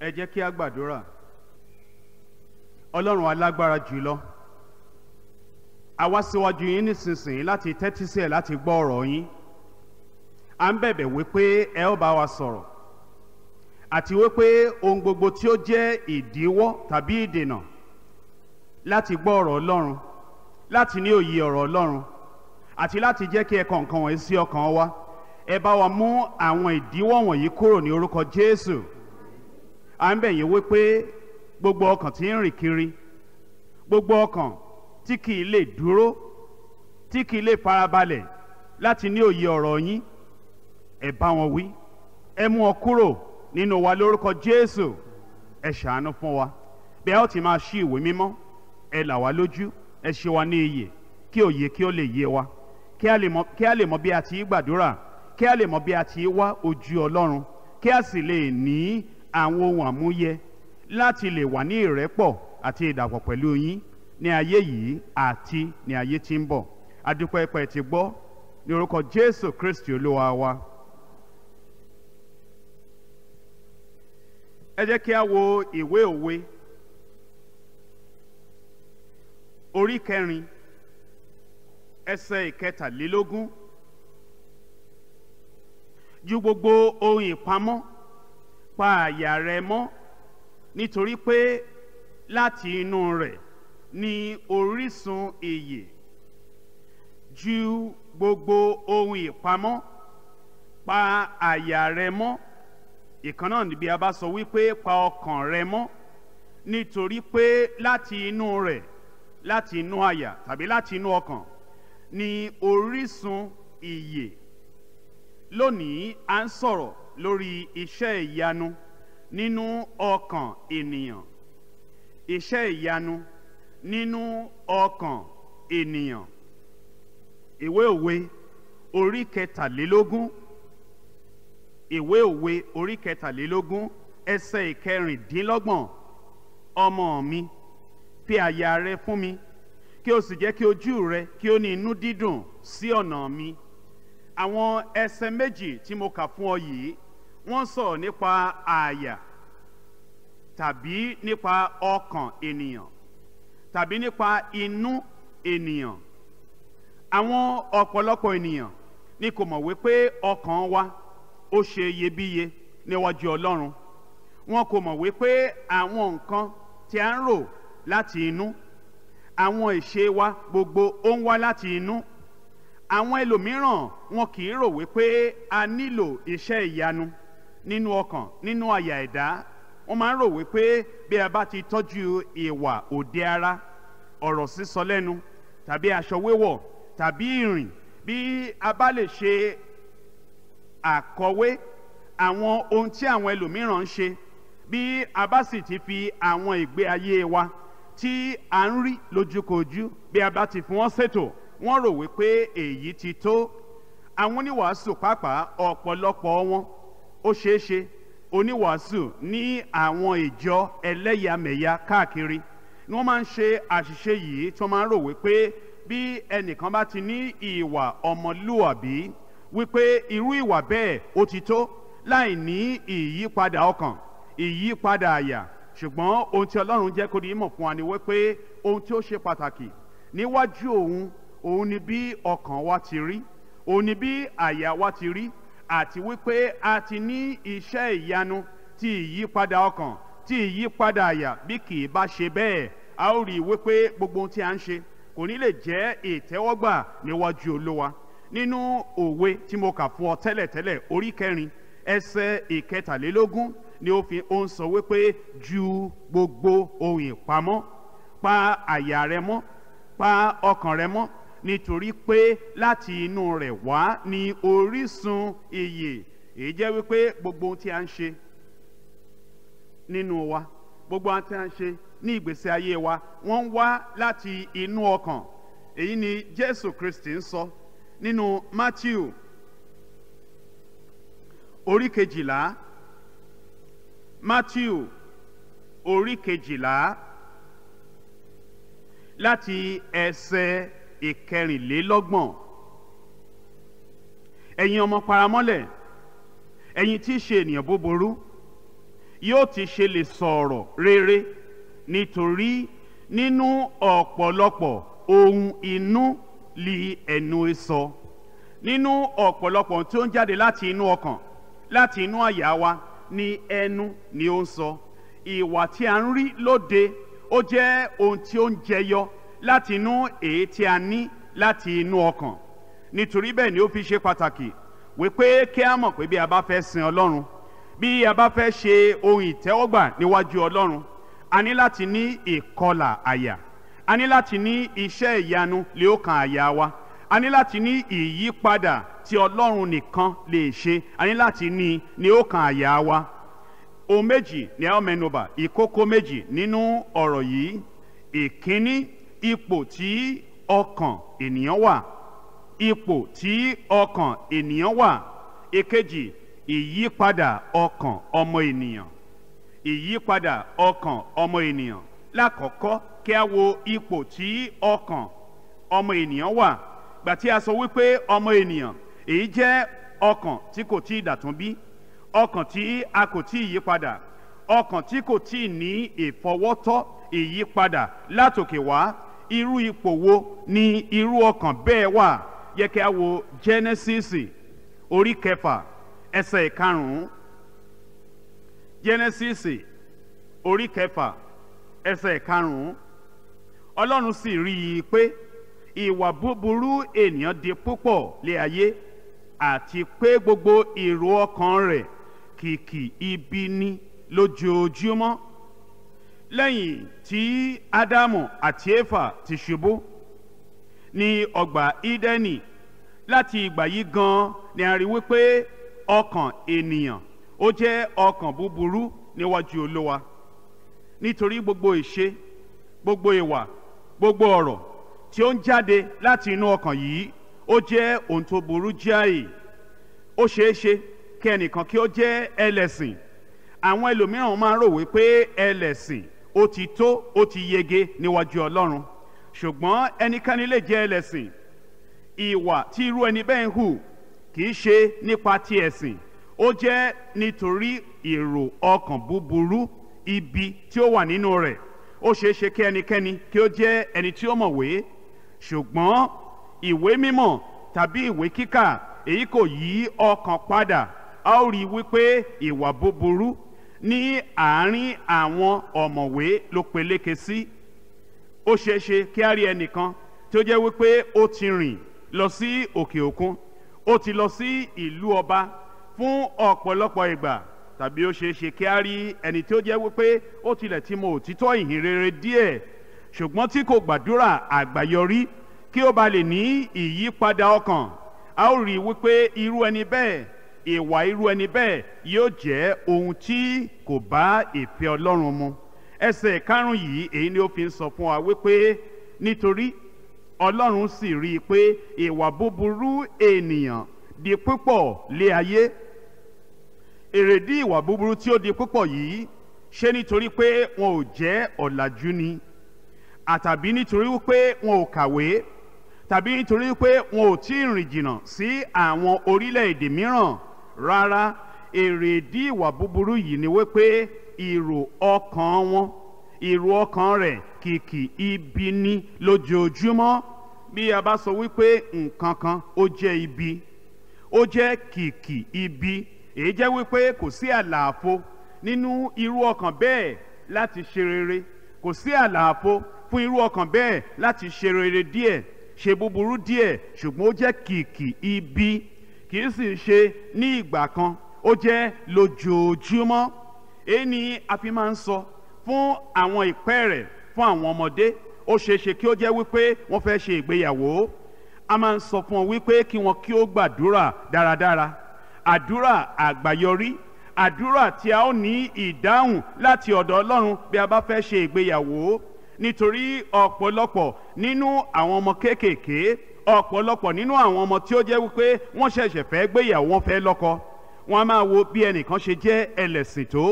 ẹ jẹ́ kí a gbàdúrà ọlọ́run alágbára jùlọ àwa síwájú yín nísinsìnyí láti tẹ́tí sí ẹ̀ láti gbọ́ ọ̀rọ̀ yín à ń bẹ̀bẹ̀ wípé ẹ ó bá wa sọ̀rọ̀ àti wípé ohun gbogbo tí ó jẹ́ ìdíwọ́ tàbí ìdènà láti gbọ́ ọ̀rọ̀ ọlọ́run láti ní òye ọ̀rọ̀ ọlọ́run àti láti jẹ́ kí ẹ kọ̀ọ̀kan wọ̀nyí sí ọkàn wa ẹ bá wa mú àwọn ìdíwọ́ wọ̀nyí kúrò ní orúkọ Jésù à ń bẹ̀ yín wípé gbogbo ọkàn tí ń rìn kiri gbogbo ọkàn tí kì í lè dúró tí kì í lè farabalẹ̀ láti ní òye ọ̀rọ̀ yín ẹ bá wọn wí ẹ mú wọn kúrò nínú wa lórúkọ Jésù ẹ ṣàánú fún wa bí ó ti máa ṣí ìwé mímọ́ ẹ là wá lójú ẹ ṣe wa ní iyè kí òye kí ó lè yé wa kí a lè mọ bí a ti gbàdúrà kí a lè mọ bí a ti wá ojú Ọlọ́run kí a sì lè ní àwọn ohun àmúyẹ láti lè wà ní ìrẹ́pọ̀ àti ìdàpọ̀ pẹ̀lú yín ní ayé yìí àti ní ayé tí ń bọ̀ adúpẹ́ ti gbọ́ ní orúkọ Jésù Kristi Olúwa wa. ẹ jẹ́ kí a wo ìwé òwe orí kẹrin ẹsẹ̀ ìkẹtàlélógún ju gbogbo ohun ìpamọ́ pa àyà rẹ mọ́ nítorí pé láti inú rẹ̀ ni orísun ìyè ju gbogbo ohun ìpamọ́ pa àyà rẹ mọ́ ìkan náà níbi a bá sọ wípé pa ọkàn rẹ mọ́ nítorí pé láti inú rẹ̀ láti inú àyà tàbí láti inú ọkàn ni orísun ìyè lónìí à ń sọ̀rọ̀ lórí iṣẹ́ ìyanu nínú ọkàn ènìyàn iṣẹ́ ìyanu nínú ọkàn ènìyàn ìwé òwe orí kẹtàlélógún ìwé òwe orí kẹtàlélógún ẹsẹ̀ ìkẹrìndínlọ́gbọ̀n ọmọ mi fi àyà rẹ fún mi kí o sì jẹ́ kí ojú rẹ kí o ní inú dídùn sí ọ̀nà mi àwọn ẹsẹ̀ méjì tí mo kà fún ọ yìí wọ́n sọ̀rọ̀ nípa àyà tàbí nípa ọkàn ènìyàn tàbí nípa inú ènìyàn àwọn ọ̀pọ̀lọpọ̀ ènìyàn ni kò mọ̀ wípé ọkàn wa ó ṣe iyebíye níwájú Ọlọ́run wọn kò mọ̀ wípé àwọn nǹkan tí a ń rò láti inú àwọn ìṣe wa gbogbo ó ń wá láti inú àwọn ẹlòmíràn wọn kì í rò wípé a nílò iṣẹ́ ìyanu. E nínú ọkàn nínú àyà ẹ̀dá wọ́n máa ń rò wípé bí a bá ti tọ́jú ìwà òde ara ọ̀rọ̀ sísọ lẹ́nu tàbí aṣọ wíwọ̀ tàbí ìrìn bí a bá lè ṣe àkọwé àwọn ohun tí àwọn ẹlòmíràn ń ṣe bí a bá sì ti fi àwọn ìgbé ayé wa tí a ń rí lójúkojú bí a bá ti fi wọ́n ṣètò wọ́n rò wípé èyí ti tó àwọn oníwàásù pàápàá ọ̀pọ̀lọpọ̀ wọn ó ṣeé ṣe oníwàásù ní àwọn ìjọ ẹlẹ́yàmẹ̀yà káàkiri ni wọ́n máa ń ṣe àṣìṣe yìí tí wọ́n máa ń rò wípé bí ẹnìkan bá ti ní ìwà ọmọlúwàbí wípé irú ìwà bẹ́ẹ̀ ó ti tó láì ní ìyípadà ọkàn ìyípadà àyà ṣùgbọ́n ohun tí Ọlọ́run jẹ́ kó di mọ̀ fún wa ni wípé ohun tí ó ṣe pàtàkì níwájú òun òun ni bí ọkàn wa ti rí òun ni bí àyà wa ti rí àti wípé a ti ní iṣẹ́ ìyanu ti ìyípadà ọkàn ti ìyípadà àyà bí kì í bá ṣe bẹ́ẹ̀ a ó rí i wípé gbogbo ohun tí a ń ṣe kò ní lè jẹ́ ìtẹ́wọ́gbà níwájú olówa nínú òwe tí mo kà fún ọ tẹ́lẹ̀tẹ́lẹ̀ orí kẹrin ẹsẹ̀ ìkẹtàlélógún ni ó fi ó ń sọ wípé ju gbogbo ohun ìpamọ́ pa àyà rẹ mọ́ pa ọkàn rẹ mọ́ nítorí pé láti inú rẹ̀ wá ni orísun iyè èyí jẹ́ wípé gbogbo ohun tí a ń ṣe nínú wa gbogbo ohun tí a ń ṣe ní ìgbésí ayé wa wọ́n ń wá láti inú ọkàn èyí ni Jésù Kristi ń sọ nínú Matthew orí kejìlá Matthew orí kejìlá láti ẹsẹ̀ ìkẹrìnlélọ́gbọ̀n ẹ̀yin ọmọ paramọ́lẹ̀ ẹ̀yin tí í ṣe ènìyàn búburú yóò ti ṣe lè sọ̀rọ̀ rere nítorí nínú ọ̀pọ̀lọpọ̀ ohun inú li ẹnu e sọ nínú ọ̀pọ̀lọpọ̀ tí ó ń jáde láti inú ọkàn láti inú àyà wa ni ẹnu ni ó ń sọ ìwà tí a ń rí lóde ó jẹ́ ohun tí ó ń jẹyọ láti inú èyí tí a ní láti inú ọkàn nítorí bẹ́ẹ̀ ni ó fi ṣe pàtàkì wípé kí a mọ̀ pé bí a bá fẹ́ sin ọlọ́run bí a bá fẹ́ ṣe ohun ìtẹ́wọ́gbà níwájú ọlọ́run a ní láti ní ìkọlà àyà a ní láti ní iṣẹ́ ìyanu lè ó kan àyà wa a ní láti ní ìyípadà tí ọlọ́run nìkan lè ṣe a ní láti ní ní àyà wa ohun méjì ni a ó mẹnuba ìkókó méjì nínú ọ̀rọ̀ yìí ìkíní ipò tí ọkàn ènìyàn wà ipò tí ọkàn ènìyàn wà èkejì ìyípadà ọkàn ọmọ ènìyàn ìyípadà ọkàn ọmọ ènìyàn lákọ̀ọ́kọ́ kí a wo ipò tí ọkàn ọmọ ènìyàn wà gbà tí a sọ wípé ọmọ ènìyàn èyí jẹ́ ọkàn tí kò tí ì dàtún bí ọkàn tí a kò tí ì yípadà ọkàn tí kò tí ì ní ìfọwọ́tọ́ ìyípadà látòkè wá irú ipò wo ni irú ọkàn bẹ́ẹ̀ wà yẹ kí a wo Genesis orí kẹfà ẹsẹ̀ ìkarùn-ún Genesis orí kẹfà ẹsẹ̀ ìkarùn-ún Ọlọ́run sì rí i pé ìwà búburú ènìyàn di púpọ̀ lé ayé àti pé gbogbo èrò ọkàn rẹ̀ kìkì ibi ni lójoojúmọ́ lẹ́yìn tí ádámù àti éfà ti ṣubú ní ọgbà ídẹ́nì láti ìgbà yìí gan ni a rí wípé ọkàn ènìyàn ó jẹ́ ọkàn búburú níwájú olówa nítorí gbogbo ìṣe gbogbo ìwà gbogbo ọ̀rọ̀ tí ó ń jáde láti inú ọkàn yìí ó jẹ́ ohun tó burú jáì ó ṣeé kí ẹnìkan kí ó jẹ́ ẹlẹ́sìn àwọn ẹlòmíràn máa ń rò wípé ẹlẹ́sìn ó ti tó ó ti yege níwájú ọlọ́run ṣùgbọ́n ẹnikẹ́ni lè jẹ́ ẹlẹ́sìn ìwà tí irú ẹni bẹ́ẹ̀ ń hù kì í ṣe nípa ti ẹ̀sìn ó jẹ́ nítorí èrò ọkàn búburú ibi tí ó wà nínú rẹ̀ ó ṣeé ṣe kí ẹnikẹ́ni kí ó jẹ́ ẹni tí ó mọ̀wé ṣùgbọ́n ìwé mímọ́ tàbí ìwé kíkà èyí kò yí ọkàn padà a ó rí i wípé ìwà búburú ní àárín àwọn ọ̀mọ̀wé ló peléke sí ó ṣeéṣe kí á rí ẹnìkan tí ó jẹ́ wípé ó ti rìn lọ sí òkè òkun ó ti lọ sí ìlú ọba fún ọ̀pọ̀lọpọ̀ ìgbà tàbí ó ṣeéṣe kí á rí ẹni tí ó jẹ́ wípé ó tilẹ̀ ti mọ òtítọ́ ìhìn díẹ̀ ṣùgbọ́n tí kò gbàdúrà àgbáyọrí kí ó ba lè ní ìyípadà ọkàn a ó rí wípé irú ẹni bẹ́ẹ̀ ìwà irú ẹni bẹ́ẹ̀ yóò jẹ́ ohun tí kò bá ìfẹ́ Ọlọ́run mu ẹsẹ̀ karùn yìí èyí ni ó fi ń sọ fún wa wípé nítorí Ọlọ́run sì rí i pé ìwà búburú ènìyàn di púpọ̀ lé ayé èrèdí ìwà búburú tí ó di púpọ̀ yìí ṣé nítorí pé wọn ò jẹ́ ọ̀làjú ni àtàbí nítorí pé wọn ò kàwé tàbí nítorí pé wọn ò tí ì rìn jìnnà sí àwọn orílẹ̀-èdè mìíràn rárá èrèdí ìwà búburú yìí ni wípé èrò ọkàn wọn èrò ọkàn rẹ̀ kìkì ibi ní lójoojúmọ́ bí a bá sọ wípé nǹkan kan ó jẹ́ ibi ó jẹ́ kìkì ibi èyí jẹ́ wípé kò sí àlàfo nínú irú ọkàn bẹ́ẹ̀ láti ṣe rere kò sí àlàfo fún irú ọkàn bẹ́ẹ̀ láti ṣe rere díẹ̀ ṣe búburú díẹ̀ ṣùgbọ́n ó jẹ́ kìkì ibi kì í sì ṣe ní ìgbà kan ó jẹ́ lójoojúmọ́ èyí ni a fi máa ń sọ fún àwọn ìpẹ́ rẹ̀ fún àwọn ọmọdé ó ṣeéṣe kí ó jẹ́ wípé wọ́n fẹ́ ṣe ìgbéyàwó a máa ń sọ fún wọn wípé kí wọn kí ó gbàdúrà dáradára àdúrà àgbáyọrí àdúrà tí a ó ní ìdáhùn láti ọ̀dọ̀ Ọlọ́run bí a bá fẹ́ ṣe ìgbéyàwó nítorí ọ̀pọ̀lọpọ̀ nínú àwọn ọmọ kéékèèké ọ̀pọ̀lọpọ̀ nínú àwọn ọmọ tí ó jẹ́ wípé wọ́n ṣẹ̀ṣẹ̀ fẹ́ gbéyàwó wọn fẹ́ lọ́kọ wọ́n á máa wo bí ẹnìkan ṣe jẹ́ ẹlẹ́sìn tó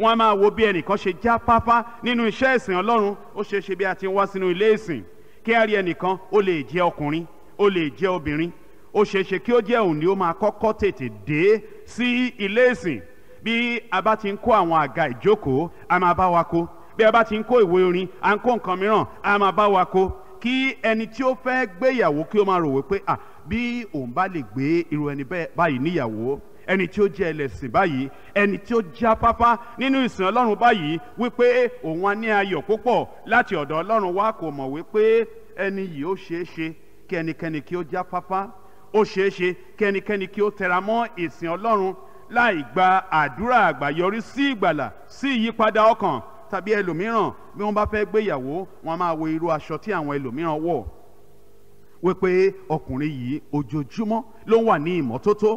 wọ́n á máa wo bí ẹnìkan ṣe já fáfá nínú iṣẹ́ ìsìn Ọlọ́run ó ṣe é ṣe bí a ti ń wá sínú ilé ìsìn kí á rí ẹnìkan ó lè jẹ́ ọkùnrin ó lè jẹ́ obìnrin ó ṣe é ṣe kí ó jẹ́ òun ni ó máa kọ́kọ́ tètè dé sí ilé ìsìn bí a bá ti ń kó àwọn àga ìjókòó a máa bá wa kó bí a bá ti ń kó ìwé orin à ń kó nǹkan mìíràn a máa bá wa kó kí ẹni tí ó fẹ́ gbéyàwó kí ó máa rò wípé à bí òun bá lè gbé irú ẹni báyìí níyàwó ẹni tí ó jẹ́ ẹlẹ́sìn báyìí ẹni tí ó já pápá nínú ìsìn ọlọ́run báyìí wípé òun á ní ayọ̀ púpọ̀ láti ọ̀dọ̀ ọlọ́run wa kò mọ̀ wípé ẹni yìí ó ṣeé ṣe kí ẹnikẹ́ni kí ó já pápá ó ṣeé ṣe kí ẹnikẹ́ni kí ó tẹra mọ́ ìsìn ọlọ́run láì gba àdúrà àgbàyọrí sí ìgbàlà sí ìyípadà ọkàn tàbí ẹlòmíràn bí wọ́n bá fẹ́ gbéyàwó wọ́n máa wo irú aṣọ tí àwọn ẹlòmíràn wọ̀ wípé ọkùnrin yìí ojoojúmọ́ ló wà ní ìmọ́tótó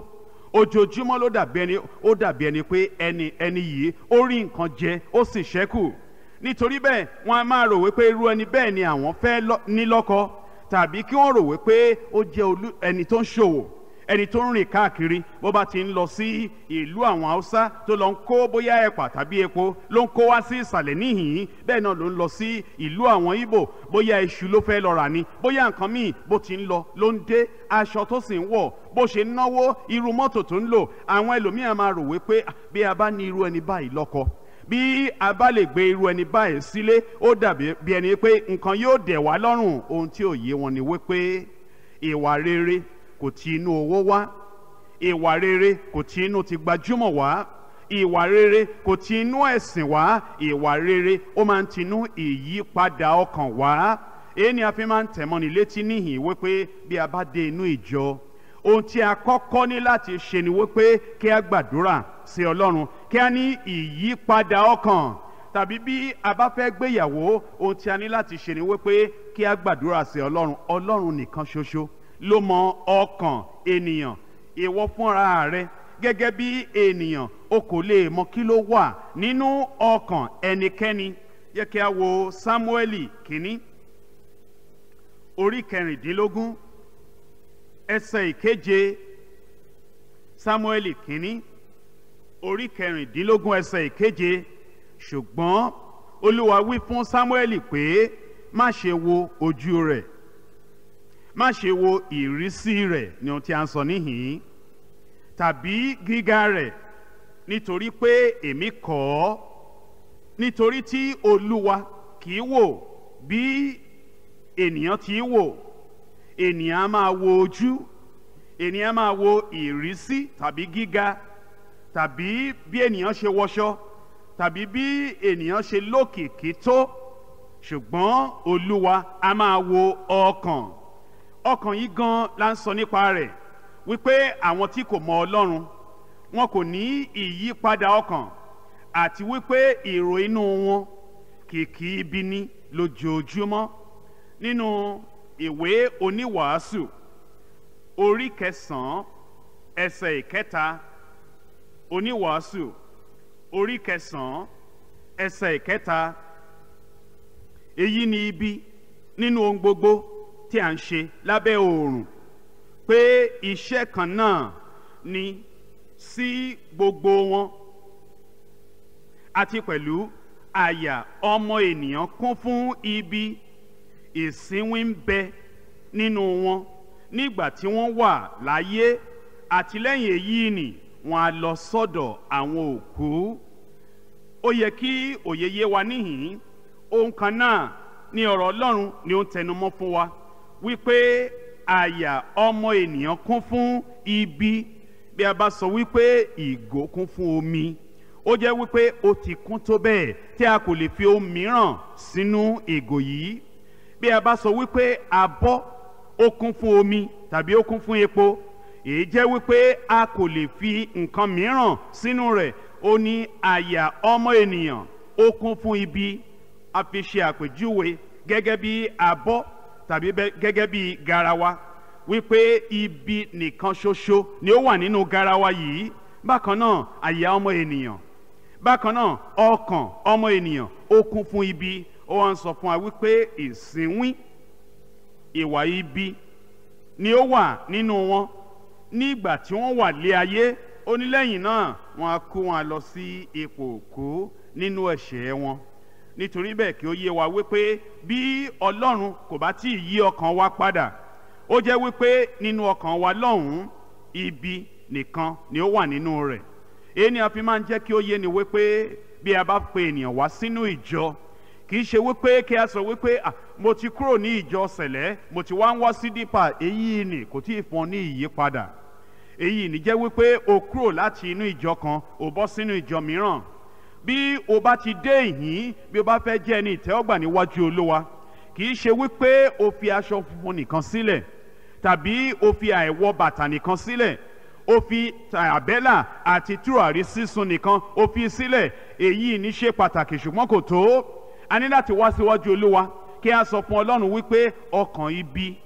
ojoojúmọ́ ló dàbí ẹni ó dàbí ẹni pé ẹni ẹni yìí ó rí nǹkan jẹ ó sì ṣẹ́kù nítorí bẹ́ẹ̀ wọ́n á máa rò wípé irú ẹni bẹ́ẹ̀ ni àwọn fẹ́ ní lọ́kọ tàbí kí wọ́n rò wípé ó jẹ́ ẹni tó ń ṣòwò ẹni tó ń rìn káàkiri bó bá ti ń lọ sí ìlú àwọn haúsá tó lọ ń kó bóyá ẹ̀pà tàbí epo ló ń kó wá sí ìsàlẹ̀ níhìn-ín bẹ́ẹ̀ náà ló ń lọ sí ìlú àwọn ìbò bóyá iṣu ló fẹ́ lọ rà ni bóyá nǹkan míì bó ti ń lọ ló ń dé aṣọ tó sì ń wọ̀ bó ṣe ń náwó irú mọ́tò tó ń lò àwọn ẹlòmíràn máa rò wípé ah, bí a bá ní irú ẹni báyìí lọ́kọ bí a bá lè gbé irú ẹni báyìí sílé ó dàbí bí ẹni pé nǹkan yóò dẹ̀ wá lọ́rùn ohun tí ò wọn ni wípé ìwà rere kò ti inú owó wá ìwà rere kò ti inú ti gbajúmọ̀ wá ìwà rere kò ti inú ẹ̀sìn wá ìwà rere ó máa ń tinú ìyípadà ọkàn wá èyí ni a fi máa ń tẹ̀mọ́ni létí níhìn wípé bí a bá dé inú ìjọ ohun tí a kọ́kọ́ ní láti ṣe ni wípé kí a gbàdúrà sí ọlọ́run kí a ní ìyípadà ọkàn tàbí bí a bá fẹ́ gbéyàwó ohun tí a ní láti ṣe ni wípé kí a gbàdúrà sí ọlọ́run ọlọ́run nìkan ṣoṣo ló mọ ọkàn ènìyàn ìwọ fúnra rẹ gẹ́gẹ́ bí ènìyàn o kò lè mọ kí ló wà nínú ọkàn ẹnikẹ́ni yẹ kí a wo Sámúẹ́lì kínní orí kẹrìndínlógún ẹsẹ̀ ìkeje Sámúẹ́lì kínní orí kẹrìndínlógún ẹsẹ̀ ìkeje ṣùgbọ́n Olúwa wí fún Sámúẹ́lì pé má ṣe wo ojú rẹ̀ má ṣe wo ìrísí rẹ̀ ni ohun tí a ń sọ níhìn-ín tàbí gíga rẹ̀ nítorí pé èmi kọ̀ ọ́ nítorí tí olúwa kì í wò bí ènìyàn ti wò ènìyàn máa wo ojú ènìyàn máa wo ìrísí tàbí gíga tàbí bí ènìyàn ṣe wọṣọ tàbí bí ènìyàn ṣe lókìkí tó ṣùgbọ́n olúwa a máa wo ọkàn ọkàn yìí gan la ń sọ nípa rẹ̀ wípé àwọn tí kò mọ Ọlọ́run wọn kò ní ìyípadà ọkàn àti wípé èrò inú wọn kìkì ibi ní lójoojúmọ́ nínú ìwé oníwàásù orí kẹsàn-án ẹsẹ̀ ìkẹta oníwàásù orí kẹsàn-án ẹsẹ̀ ìkẹta èyí ni ibi nínú ohun gbogbo tí à ń ṣe lábẹ́ oòrùn pé iṣẹ́ kan náà ni sí gbogbo wọn àti pẹ̀lú àyà ọmọ ènìyàn kún fún ibi ìsínwí ń bẹ nínú wọn nígbà tí wọ́n wà láyé àtìlẹ́yìn èyí ni wọ́n á lọ sọ́dọ̀ àwọn òkú ó yẹ kí òye yé wa níhìn-ín ohun kan náà ni ọ̀rọ̀ Ọlọ́run ni ó ń tẹnumọ́ fún wa wípé àyà ọmọ ènìyàn kún fún ibi bí a bá sọ wípé ìgò kún fún omi ó jẹ́ wípé ó ti kún tó bẹ́ẹ̀ tí a kò lè fi ohun sínú ìgò yìí bí a bá sọ wípé abọ́ ó kún fún omi tàbí ó kún fún epo èyí jẹ́ wípé a kò lè fi nǹkan mìíràn sínú rẹ̀ ó ní àyà ọmọ ènìyàn ó kún fún ibi a fi ṣe àpèjúwe gẹ́gẹ́ bí abọ́ tàbí gẹ́gẹ́ bí garawa wípé ibi nìkan ṣoṣo ni ó wà nínú garawa yìí bákan náà àyà ọmọ ènìyàn bákan náà ọkàn ọmọ ènìyàn ó kún fún ibi ó wá ń sọ fún wa wípé ìsínwín ìwà ibi ni ó wà nínú wọn ní ìgbà tí wọ́n wà lé ayé onílẹ̀yìn náà wọ́n á kó wọn lọ sí ipò òkú nínú ẹ̀ṣẹ̀ wọn nítorí bẹ́ẹ̀ kí ó yé wa wípé bí ọlọ́run kò bá tí ì yí ọkàn wa padà ó jẹ́ wípé nínú ọkàn wa lọ́hùn-ún ibi nìkan ni ó wà nínú rẹ̀ èyí ni a fi máa ń jẹ́ kí ó yé ni wípé bí a bá pe ènìyàn wá sínú ìjọ kì í ṣe wípé kí a sọ wípé ah mo ti kúrò ní ìjọ sẹ̀lẹ́ mo ti wá ń wá sí dípà èyí ni kò tí ì fún ọ ní ìyípadà èyí ni jẹ́ wípé o kúrò láti inú ìjọ kan o bọ́ sínú ìjọ mìíràn bí o bá ti dé ìyìn bí o bá fẹ́ jẹ́ ẹni ìtẹ́wọ́gbà níwájú olówa kì í ṣe wípé o fi aṣọ funfun nìkan sílẹ̀ tàbí o fi àìwọ bàtà nìkan sílẹ̀ o fi àbẹ́là àti túràrí sísun nìkan o fi sílẹ̀ èyí ní ṣe pàtàkì ṣùgbọ́n kò tó a ní láti wá síwájú olówa kí a sọ fún ọlọ́run wípé ọkàn ibi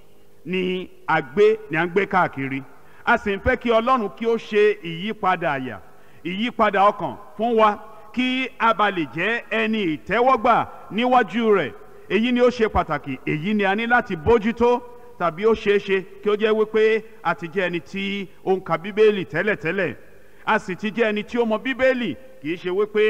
ni a gbé ni a ń gbé káàkiri a sì ń fẹ́ kí ọlọ́run kí ó ṣe ìyípadà àyà ìyípadà ọkàn fún wa kí a bá lè jẹ́ ẹni ìtẹ́wọ́gbà níwájú rẹ̀ èyí ni ó ṣe pàtàkì èyí ni a ní láti bójútó tàbí ó ṣeé ṣe kí ó jẹ́ wípé a ti jẹ́ ẹni tí ó ń ka bíbélì tẹ́lẹ̀tẹ́lẹ̀ a sì ti jẹ́ ẹni tí ó mọ bíbélì kì í ṣe wípé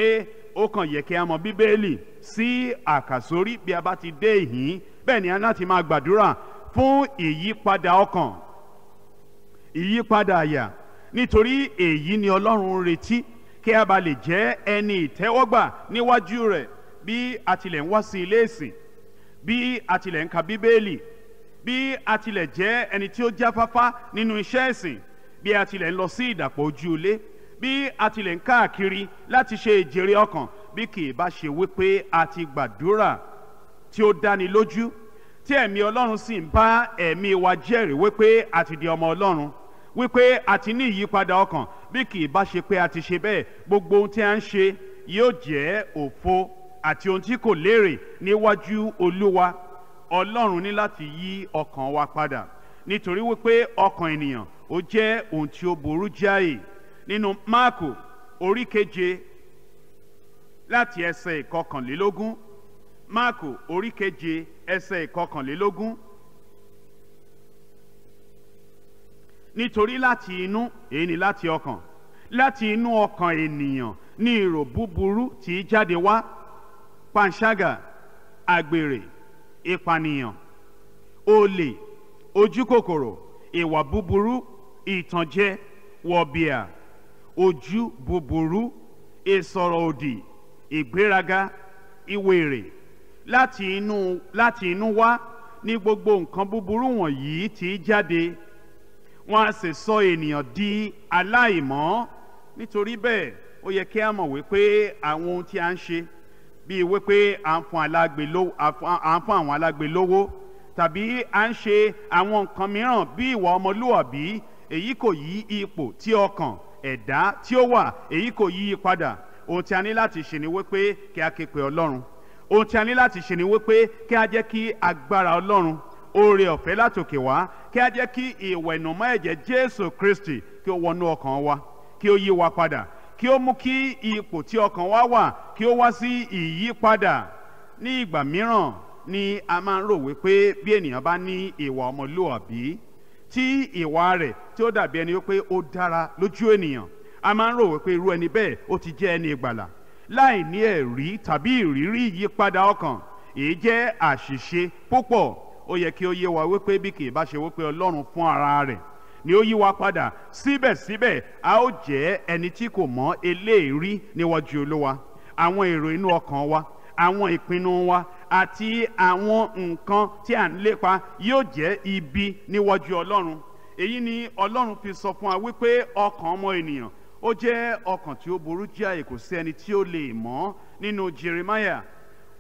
ó kàn yẹ kí a mọ bíbélì sí àkàsórí bí a bá ti dé ìhín bẹ́ẹ̀ ni a láti máa gbàdúrà fún ìyípadà ọkàn ìyípadà àyà nítorí èyí ni Ọlọ́run ń retí kí a bá lè jẹ́ ẹni ìtẹ́wọ́gbà níwájú rẹ̀ bí a tilẹ̀ ń wá sí ilé ìsìn bí a tilẹ̀ ń ka bíbélì bí a tilẹ̀ jẹ́ ẹni tí ó jáfáfá nínú iṣẹ́ ìsìn bí a tilẹ̀ ń lọ sí ìdàpọ̀ ojú ilé bí a tilẹ̀ ń káàkiri láti ṣe ìjèrè ọkàn bí kì í bá ṣe wípé a ti gbàdúrà tí ó dáni lójú tí ẹ̀mí ọlọ́run sì ń bá ẹ̀mí wa jẹ́rìí wípé a ti di ọmọ ọlọ́run wípé a ti ní ìyípadà ọkàn bí kì í bá ṣe pé a ti ṣe bẹ́ẹ̀ gbogbo ohun tí a ń ṣe yóò jẹ́ òfo àti ohun tí kò lérè níwájú olúwa ọlọ́run ní láti yí ọkàn wa padà nítorí wípé ọkàn ènìyàn ó jẹ́ ohun tí ó burú jáì nínú máàkù orí keje láti ẹsẹ̀ ìkọkànlélógún máàkù orí keje ẹsẹ̀ ìkọkànlélógún nítorí láti inú èyí ni láti ọkàn láti inú ọkàn ènìyàn ní èrò búburú tí í jáde wá panṣágà àgbèrè ìpànìyàn olè ojúkòkòrò ìwà búburú ìtànjẹ wọ̀bìà ojú búburú ìsọ̀rọ̀ òdì ìgbéraga ìwèrè láti inú láti inú wá ní gbogbo nǹkan búburú wọ̀nyí tí í jáde wọ́n á sì sọ ènìyàn di aláìmọ́ nítorí bẹ́ẹ̀ ó yẹ kí a mọ̀ wípé àwọn ohun tí a ń ṣe bíi wípé à ń fún àwọn alágbe lówó tàbí à ń ṣe àwọn nǹkan mìíràn bí ìwà ọmọlúwàbí èyí kò yí ipò tí ọkàn ẹ̀dá tí ó wà èyí kò yí padà ohun tí a ní láti ṣe ni wípé kí a ké pe ọlọ́run ohun tí a ní láti ṣe ni wípé kí a jẹ́ kí agbára ọlọ́run oore ọ̀fẹ́ látòkè wá kí a jẹ́ kí ìwẹ̀nùmọ́ ẹ̀jẹ̀ Jésù Kristi kí ó wọnú ọkàn wa kí ó yí wa padà kí ó mú kí ipò tí ọkàn wa wà kí ó wá sí ìyípadà ní ìgbà mìíràn ni a máa ń rò wípé bí ènìyàn bá ní ìwà ọmọlúwàbí tí ìwà rẹ̀ tí ó dàbí ẹni wípé ó dára lójú ènìyàn a máa ń rò wípé irú ẹni bẹ́ẹ̀ ó ti jẹ́ ẹni ìgbàlà láì ní ẹ̀rí tàbí ìrírí ìyípadà ọkàn èyí jẹ́ àṣìṣe púpọ̀ ó yẹ kí ó yé wa wípé bí kì í bá ṣe wípé ọlọ́run fún ara rẹ̀ ni ó yí wa padà síbẹ̀síbẹ̀ a ó jẹ́ ẹni tí kò mọ eléèrí níwájú olúwa àwọn èrò inú ọkàn wa àwọn ìpinnu wa àti àwọn nǹkan tí à ń lépa yóò jẹ́ ibi níwájú ọlọ́run èyí ni ọlọ́run fi sọ fún wa wípé ọkàn ọmọ ènìyàn ó jẹ́ ọkàn tí ó burú jáì kò sí ẹni tí ó lè mọ̀ nínú Jeremiah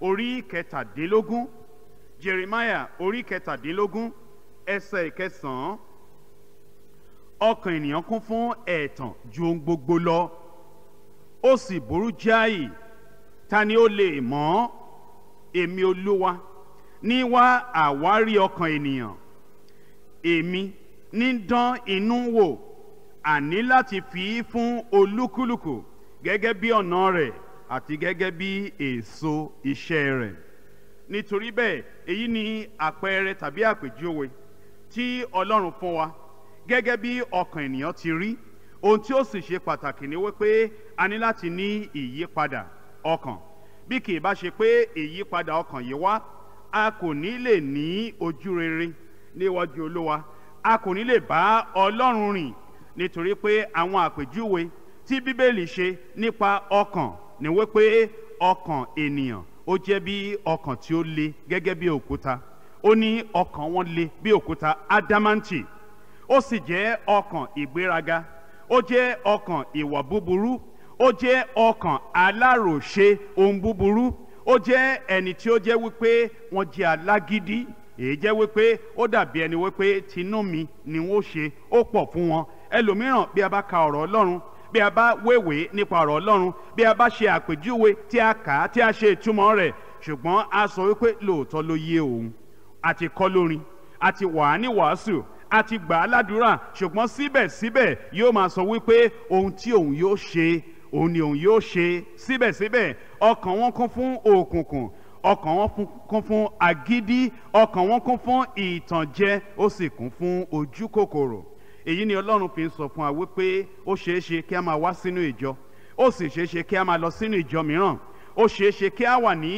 orí kẹtàdínlógún jeremiah orí kẹtàdínlógún ẹsẹ̀ ìkẹsàn-án ọkàn ènìyàn kún fún ẹ̀tàn ju ohun gbogbo lọ ó sì burú jáì ta ni ó lè mọ̀ èmi olúwa ní wá àwárí ọkàn ènìyàn èmi ní dán inú wò àní láti fi í fún olúkúlùkù gẹ́gẹ́ bí ọ̀nà rẹ̀ àti gẹ́gẹ́ bí èso iṣẹ́ rẹ̀ nítorí bẹ́ẹ̀ èyí ni àpẹẹrẹ tàbí àpèjúwe tí Ọlọ́run fún wa gẹ́gẹ́ bí ọkàn ènìyàn ti rí ohun tí ó sì ṣe pàtàkì ni wípé a ní láti ní ìyípadà ọkàn bí kì í bá ṣe pé ìyípadà ọkàn yìí wá a kò ní lè ní ojú rere níwájú Olúwa a kò ní lè bá Ọlọ́run rìn nítorí pé àwọn àpèjúwe tí Bíbélì ṣe nípa ọkàn ni wípé ọkàn ènìyàn ó jẹ́ bí ọkàn tí ó le gẹ́gẹ́ bí òkúta ó ní ọkàn wọn le bí òkúta adamanti ó sì jẹ́ ọkàn ìgbéraga ó jẹ́ ọkàn ìwà búburú ó jẹ́ ọkàn aláròṣe ohun búburú ó jẹ́ ẹni tí ó jẹ́ wípé wọ́n jẹ́ alágídí èyí jẹ́ wípé ó dàbí ẹni wípé tinú mi ni wọ́n ṣe ó pọ̀ fún wọn ẹlòmíràn bí a bá ka ọ̀rọ̀ Ọlọ́run bí a bá wéwèé nípa ọ̀rọ̀ ọlọ́run bí a bá ṣe àpèjúwe tí a kà á tí a ṣe ìtumọ̀ rẹ̀ ṣùgbọ́n a sọ wípé lóòótọ́ ló yé òun àti kọ́ lórin àti wàá ní wàásù àti gbà á ládùúrà ṣùgbọ́n síbẹ̀síbẹ̀ yóò máa sọ wípé ohun tí òun yóò ṣe òun ni òun yóò ṣe síbẹ̀síbẹ̀ ọkàn wọn kún fún òkùnkùn ọkàn wọn kún fún agídí ọkàn wọn kún fún ìtànjẹ ó sì kún fún ojú kòkòrò èyí ni ọlọ́run fi ń sọ fún wa wípé ó ṣeé ṣe kí a máa wá sínú ìjọ ó sì ṣeé ṣe kí a máa lọ sínú ìjọ mìíràn ó ṣeé ṣe kí a wà ní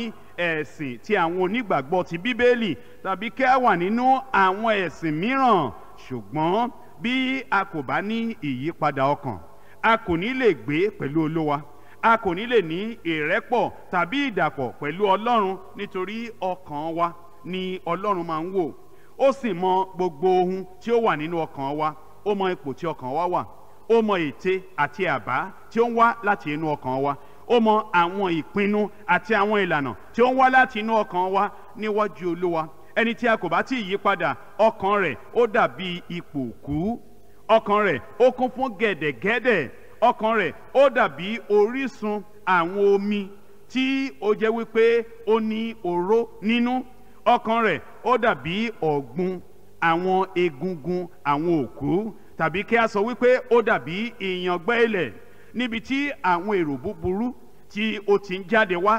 ẹ̀sìn ti àwọn onígbàgbọ́ ti bíbélì tàbí kí a wà nínú àwọn ẹ̀sìn mìíràn ṣùgbọ́n bí a kò bá ní ìyípadà ọkàn a kò ní lè gbé pẹ̀lú olówa a kò ní lè ní ìrẹ́pọ̀ tàbí ìdàpọ̀ pẹ̀lú ọlọ́run nítorí ọkàn wa ni ọlọ́run máa ń wò ó sì mọ gbogbo ohun tí ó wà nínú ọkàn wa ó mọ ipò tí ọkàn wa wà ó mọ ète àti àbá tí ó ń wá láti inú ọkàn wa ó mọ àwọn ìpinnu àti àwọn ìlànà tí ó ń wá láti inú ọkàn wa níwájú olúwa ẹni tí a kò bá tí ì yí padà ọkàn rẹ̀ ó dàbí ipò òkú ọkàn rẹ̀ ó kún fún gẹ̀dẹ̀gẹ̀dẹ̀ ọkàn rẹ̀ ó dàbí orísun àwọn omi tí ó jẹ́ wípé ó ní oró nínú ọkàn rẹ̀ ó dàbí ọ̀gbun àwọn egungun àwọn òkú tàbí kí a sọ wípé ó dàbí ìyàngbẹ́ ilẹ̀ níbi tí àwọn èrò búburú tí ó ti ń jáde wá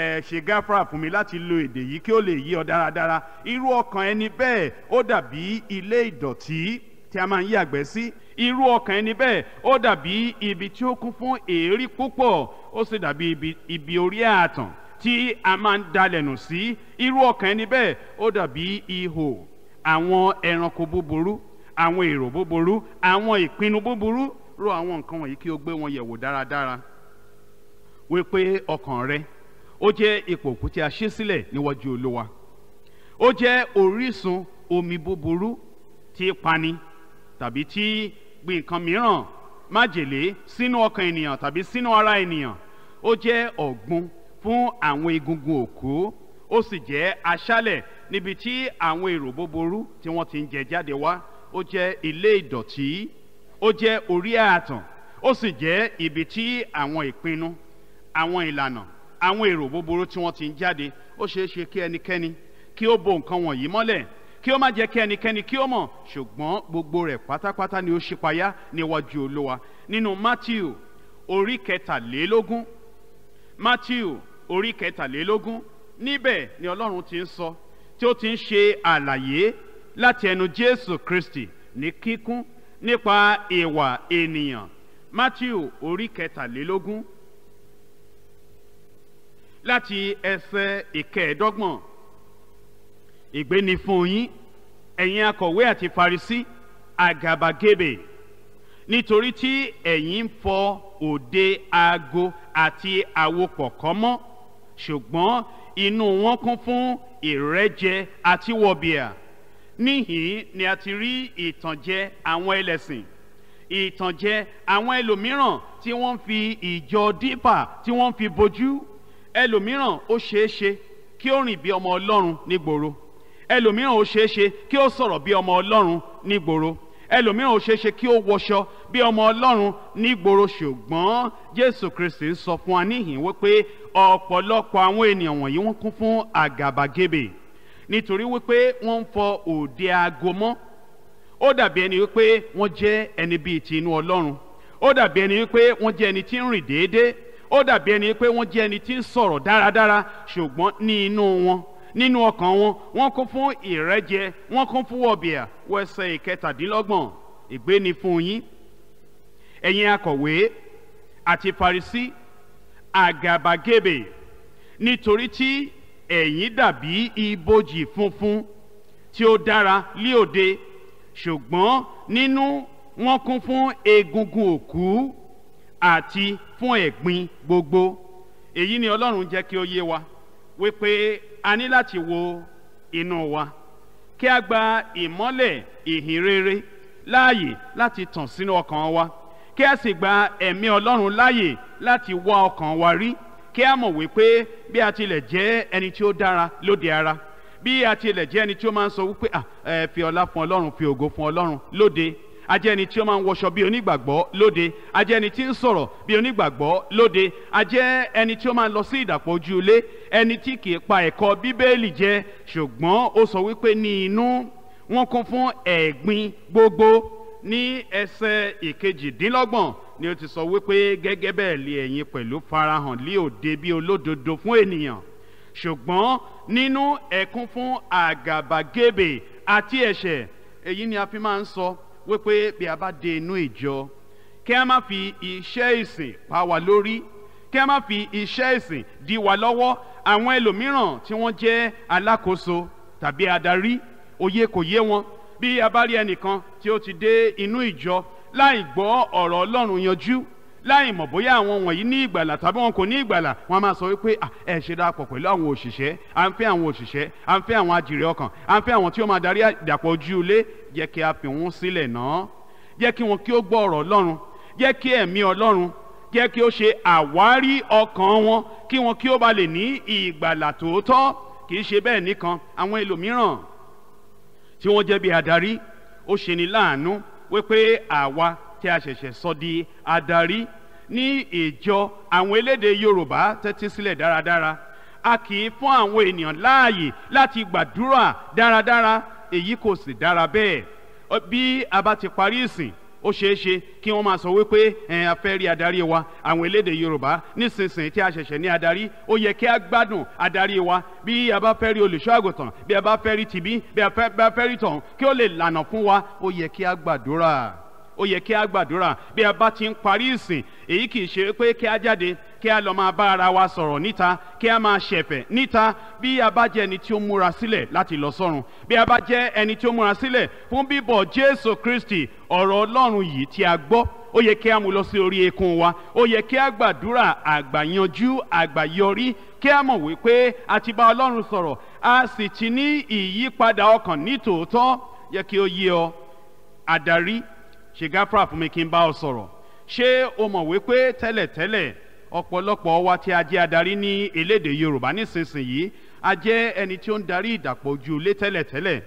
ẹ ṣe gáfárà fún mi láti lo èdè yìí kí ó lè yí ọ dáradára irú ọkàn ẹni bẹ́ẹ̀ ó dàbí ilé ìdọ̀tí tí a máa ń yàgbẹ́ sí irú ọkàn ẹni bẹ́ẹ̀ ó dàbí ibi tí ó kún fún èérí púpọ̀ ó sì dàbí ibi, orí ààtàn tí a máa ń dalẹ̀nù sí irú ọkàn ẹni bẹ́ẹ̀ ó dàbí ihò àwọn ẹranko búburú àwọn èrò búburú àwọn ìpinnu búburú rò àwọn nǹkan wọ̀nyí kí o gbé wọn yẹ̀wò dáradára wípé ọkàn rẹ ó jẹ́ ipò òkú tí a ṣí sílẹ̀ níwájú olúwa ó jẹ́ orísun omi búburú tí pani tàbí tí gbin nǹkan mìíràn májèlé sínú ọkàn ènìyàn tàbí sínú ara ènìyàn ó jẹ́ ọ̀gbun fún àwọn egungun òkú ó sì jẹ́ aṣálẹ̀ níbi tí àwọn èrò búburú tí wọ́n ti ń jẹ jáde wá ó jẹ́ ilé ìdọ̀tí ó jẹ́ orí ààtàn ó sì jẹ́ ibi tí àwọn ìpinnu àwọn ìlànà àwọn èrò búburú tí wọ́n ti ń jáde ó ṣeé ṣe kí ẹnikẹ́ni kí ó bo nǹkan wọ̀nyí mọ́lẹ̀ kí ó má jẹ́ kí ẹnikẹ́ni kí ó mọ̀ ṣùgbọ́n gbogbo rẹ̀ pátápátá ni ó ṣípayá níwájú olúwa nínú Matthew orí kẹtàlélógún Matthew orí kẹtàlélógún níbẹ̀ ni ọlọ́run ti ń sọ tí ó ti ń ṣe àlàyé láti ẹnu jésù kristi ní kíkún nípa ìwà ènìyàn matthew orí kẹtàlélógún láti ẹsẹ̀ ìkẹẹ̀ẹ́dọ́gbọ̀n ìgbé ni fún yín ẹ̀yin akọ̀wé àti farisí àgàbàgebè nítorí tí ẹ̀yin ń fọ òde aago àti àwo pọ̀kọ́ ṣùgbọ́n inú wọn kún fún ìrẹ́jẹ àti wọ̀bìà níhìn ni a ti rí ìtànjẹ àwọn ẹlẹ́sìn ìtànjẹ àwọn ẹlòmíràn tí wọ́n fi ìjọ dípà tí wọ́n fi bojú ẹlòmíràn ó ṣeé ṣe kí ó rìn bí ọmọ ọlọ́run nígboro ẹlòmíràn ó ṣeé ṣe kí ó sọ̀rọ̀ bí ọmọ ọlọ́run nígboro ẹlòmíràn ò ṣeéṣe kí ó wọṣọ bí ọmọ ọlọ́run nígboro ṣùgbọ́n jésù kristi ń sọ fún wa níhìn wípé ọ̀pọ̀lọpọ̀ àwọn ènìyàn wọ̀nyí wọ́n kún fún àgàbàgebè nítorí wípé wọ́n ń fọ òde aago mọ́ ó dàbí ẹni wípé wọ́n jẹ́ ẹni bíi ti inú ọlọ́run ó dàbí ẹni wípé wọ́n jẹ́ ẹni tí ń rìn déédéé ó dàbí ẹni pé wọ́n jẹ́ ẹni tí ń sọ̀rọ̀ dáradára ṣùgbọ́n ní inú wọn nínú ọkàn wọn wọ́n kún fún ìrẹ́jẹ wọ́n kún fún wọ̀bìà wọ ẹsẹ̀ ìkẹtàdínlọ́gbọ̀n ègbé ni fún yín ẹ̀yin akọ̀wé àti Farisí àgàbàgebè nítorí tí ẹ̀yin dàbí ibojì funfun tí ó dára lí òde ṣùgbọ́n nínú wọ́n kún fún egungun òkú àti fún ẹ̀gbin gbogbo èyí ni Ọlọ́run jẹ́ kí ó yé wa wípé a ní láti wo inú wa kí a gba ìmọ́lẹ̀ ìhìn rere láàyè láti tàn sínú ọkàn wa kí a sì gba ẹ̀mí ọlọ́run láàyè láti wá ọkàn wa rí kí a mọ̀ wípé bí a tilẹ̀ jẹ́ ẹni tí ó dára lóde ara bí a tilẹ̀ jẹ́ ẹni tí ó máa ń sọ wípé ẹ fi ọlá fún ọlọ́run fi ògo fún ọlọ́run lóde ajẹ́ ẹni tí ó máa ń wọṣọ bí onígbàgbọ́ lóde ajẹ́ ẹni tí ń sọ̀rọ̀ bí onígbàgbọ́ lóde ajẹ́ ẹni tí ó máa ń lọ sí ìdàpọ̀ ojú ilé ẹni tí kì í pa ẹ̀kọ́ bíbélì jẹ ṣùgbọ́n ó sọ wípé ní inú wọn kún fún ẹ̀gbin gbogbo ní ẹsẹ̀ ìkejìdínlọ́gbọ̀n ni ó ti sọ wípé gẹ́gẹ́ bẹ́ẹ̀ lé ẹ̀yin pẹ̀lú farahàn lé òde bí olódodo fún ènìyàn ṣùgbọ́n nínú ẹ̀kún fún àgàbàgebè àti ẹ̀ṣẹ̀ èyí ni a fi máa ń sọ wípé bí a bá dé inú ìjọ kí a má fi iṣẹ́ ìsìn pa wá lórí kí a má fi iṣẹ́ ìsìn di wá lọ́wọ́ àwọn ẹlòmíràn tí wọ́n jẹ́ alákòóso tàbí adarí òye kò yé wọn bí a bá rí ẹnìkan tí ó ti dé inú ìjọ láì gbọ́ ọ̀rọ̀ Ọlọ́run yanjú láì mọ̀ bóyá àwọn wọ̀nyí ní ìgbàlà tàbí wọn kò ní ìgbàlà wọn máa sọ wípé ẹ ṣe dápọ̀ pẹ̀lú àwọn òṣìṣẹ́ à ń fẹ́ àwọn òṣìṣẹ́ à ń fẹ́ àwọn àjèrè ọkàn à ń fẹ́ àwọn tí ó máa darí àdàpọ̀ ojú ilé jẹ́ kí a fi wọ́n sílẹ̀ náà jẹ́ kí wọn kí ó gbọ́ ọ̀rọ̀ ọlọ́run jẹ́ kí ẹ̀mí ọlọ́run jẹ́ kí ó ṣe àwárí ọkàn wọn kí wọn kí ó ba lè ní ìgbàlà tòótọ́ kì í ṣe bẹ́ẹ̀ nìkan àwọn ẹlòmíràn tí wọ́n jẹ́ bí adarí ó ṣe ni láàánú wípé àwa tí a ṣẹ̀ṣẹ̀ sọ di adarí ní ìjọ àwọn elédè Yorùbá tẹ́tí sílẹ̀ dáradára a kì í fún àwọn ènìyàn láàyè láti gbàdúrà dáradára èyí kò sì dára bẹ́ẹ̀ bí a bá ti parí ìsìn ó ṣeé ṣe kí wọ́n máa sọ wípé ẹn a fẹ́ rí adarí wa àwọn elédè yorùbá nísinsìnyí tí a ṣẹ̀ṣẹ̀ ní adarí ó yẹ kí a gbádùn adarí wa bí a bá fẹ́ rí olùṣọ́ àgùntàn bí a bá fẹ́ rí tìbí bí a fẹ́ rí tọ̀hún kí ó lè lànà fún wa ó yẹ kí a gbàdúrà ó yẹ kí a gbàdúrà bí a bá ti ń parí ìsìn èyí kì í ṣe pé kí a jáde kí a lọ máa bá ara wa sọ̀rọ̀ níta kí a máa ṣẹ̀fẹ̀ níta bí a bá jẹ́ ẹni tí ó múra sílẹ̀ láti lọ sọ́run bí a bá jẹ́ ẹni tí ó múra sílẹ̀ fún bíbọ̀ Jésù Kristi ọ̀rọ̀ Ọlọ́run yìí tí a gbọ́ ó yẹ kí a mú lọ sí orí eékún wa ó yẹ kí a gbàdúrà àgbàyanjú àgbàyọrí kí a mọ̀ wípé a ti bá Ọlọ́run sọ̀rọ̀ a sì ti ní ìyípadà ọkàn nítòótọ́ yẹ kí ó yé ọ adarí ṣe gáfárà fún mi kí n bá ọ sọ̀rọ̀ ṣé o mọ̀ wípé tẹ́lẹ̀tẹ́lẹ̀ ọ̀pọ̀lọpọ̀ wa tí a jẹ́ adarí ní elédè yorùbá nísinsìnyí a jẹ́ ẹni tí ó ń darí ìdàpọ̀ ojú ilé tẹ́lẹ̀tẹ́lẹ̀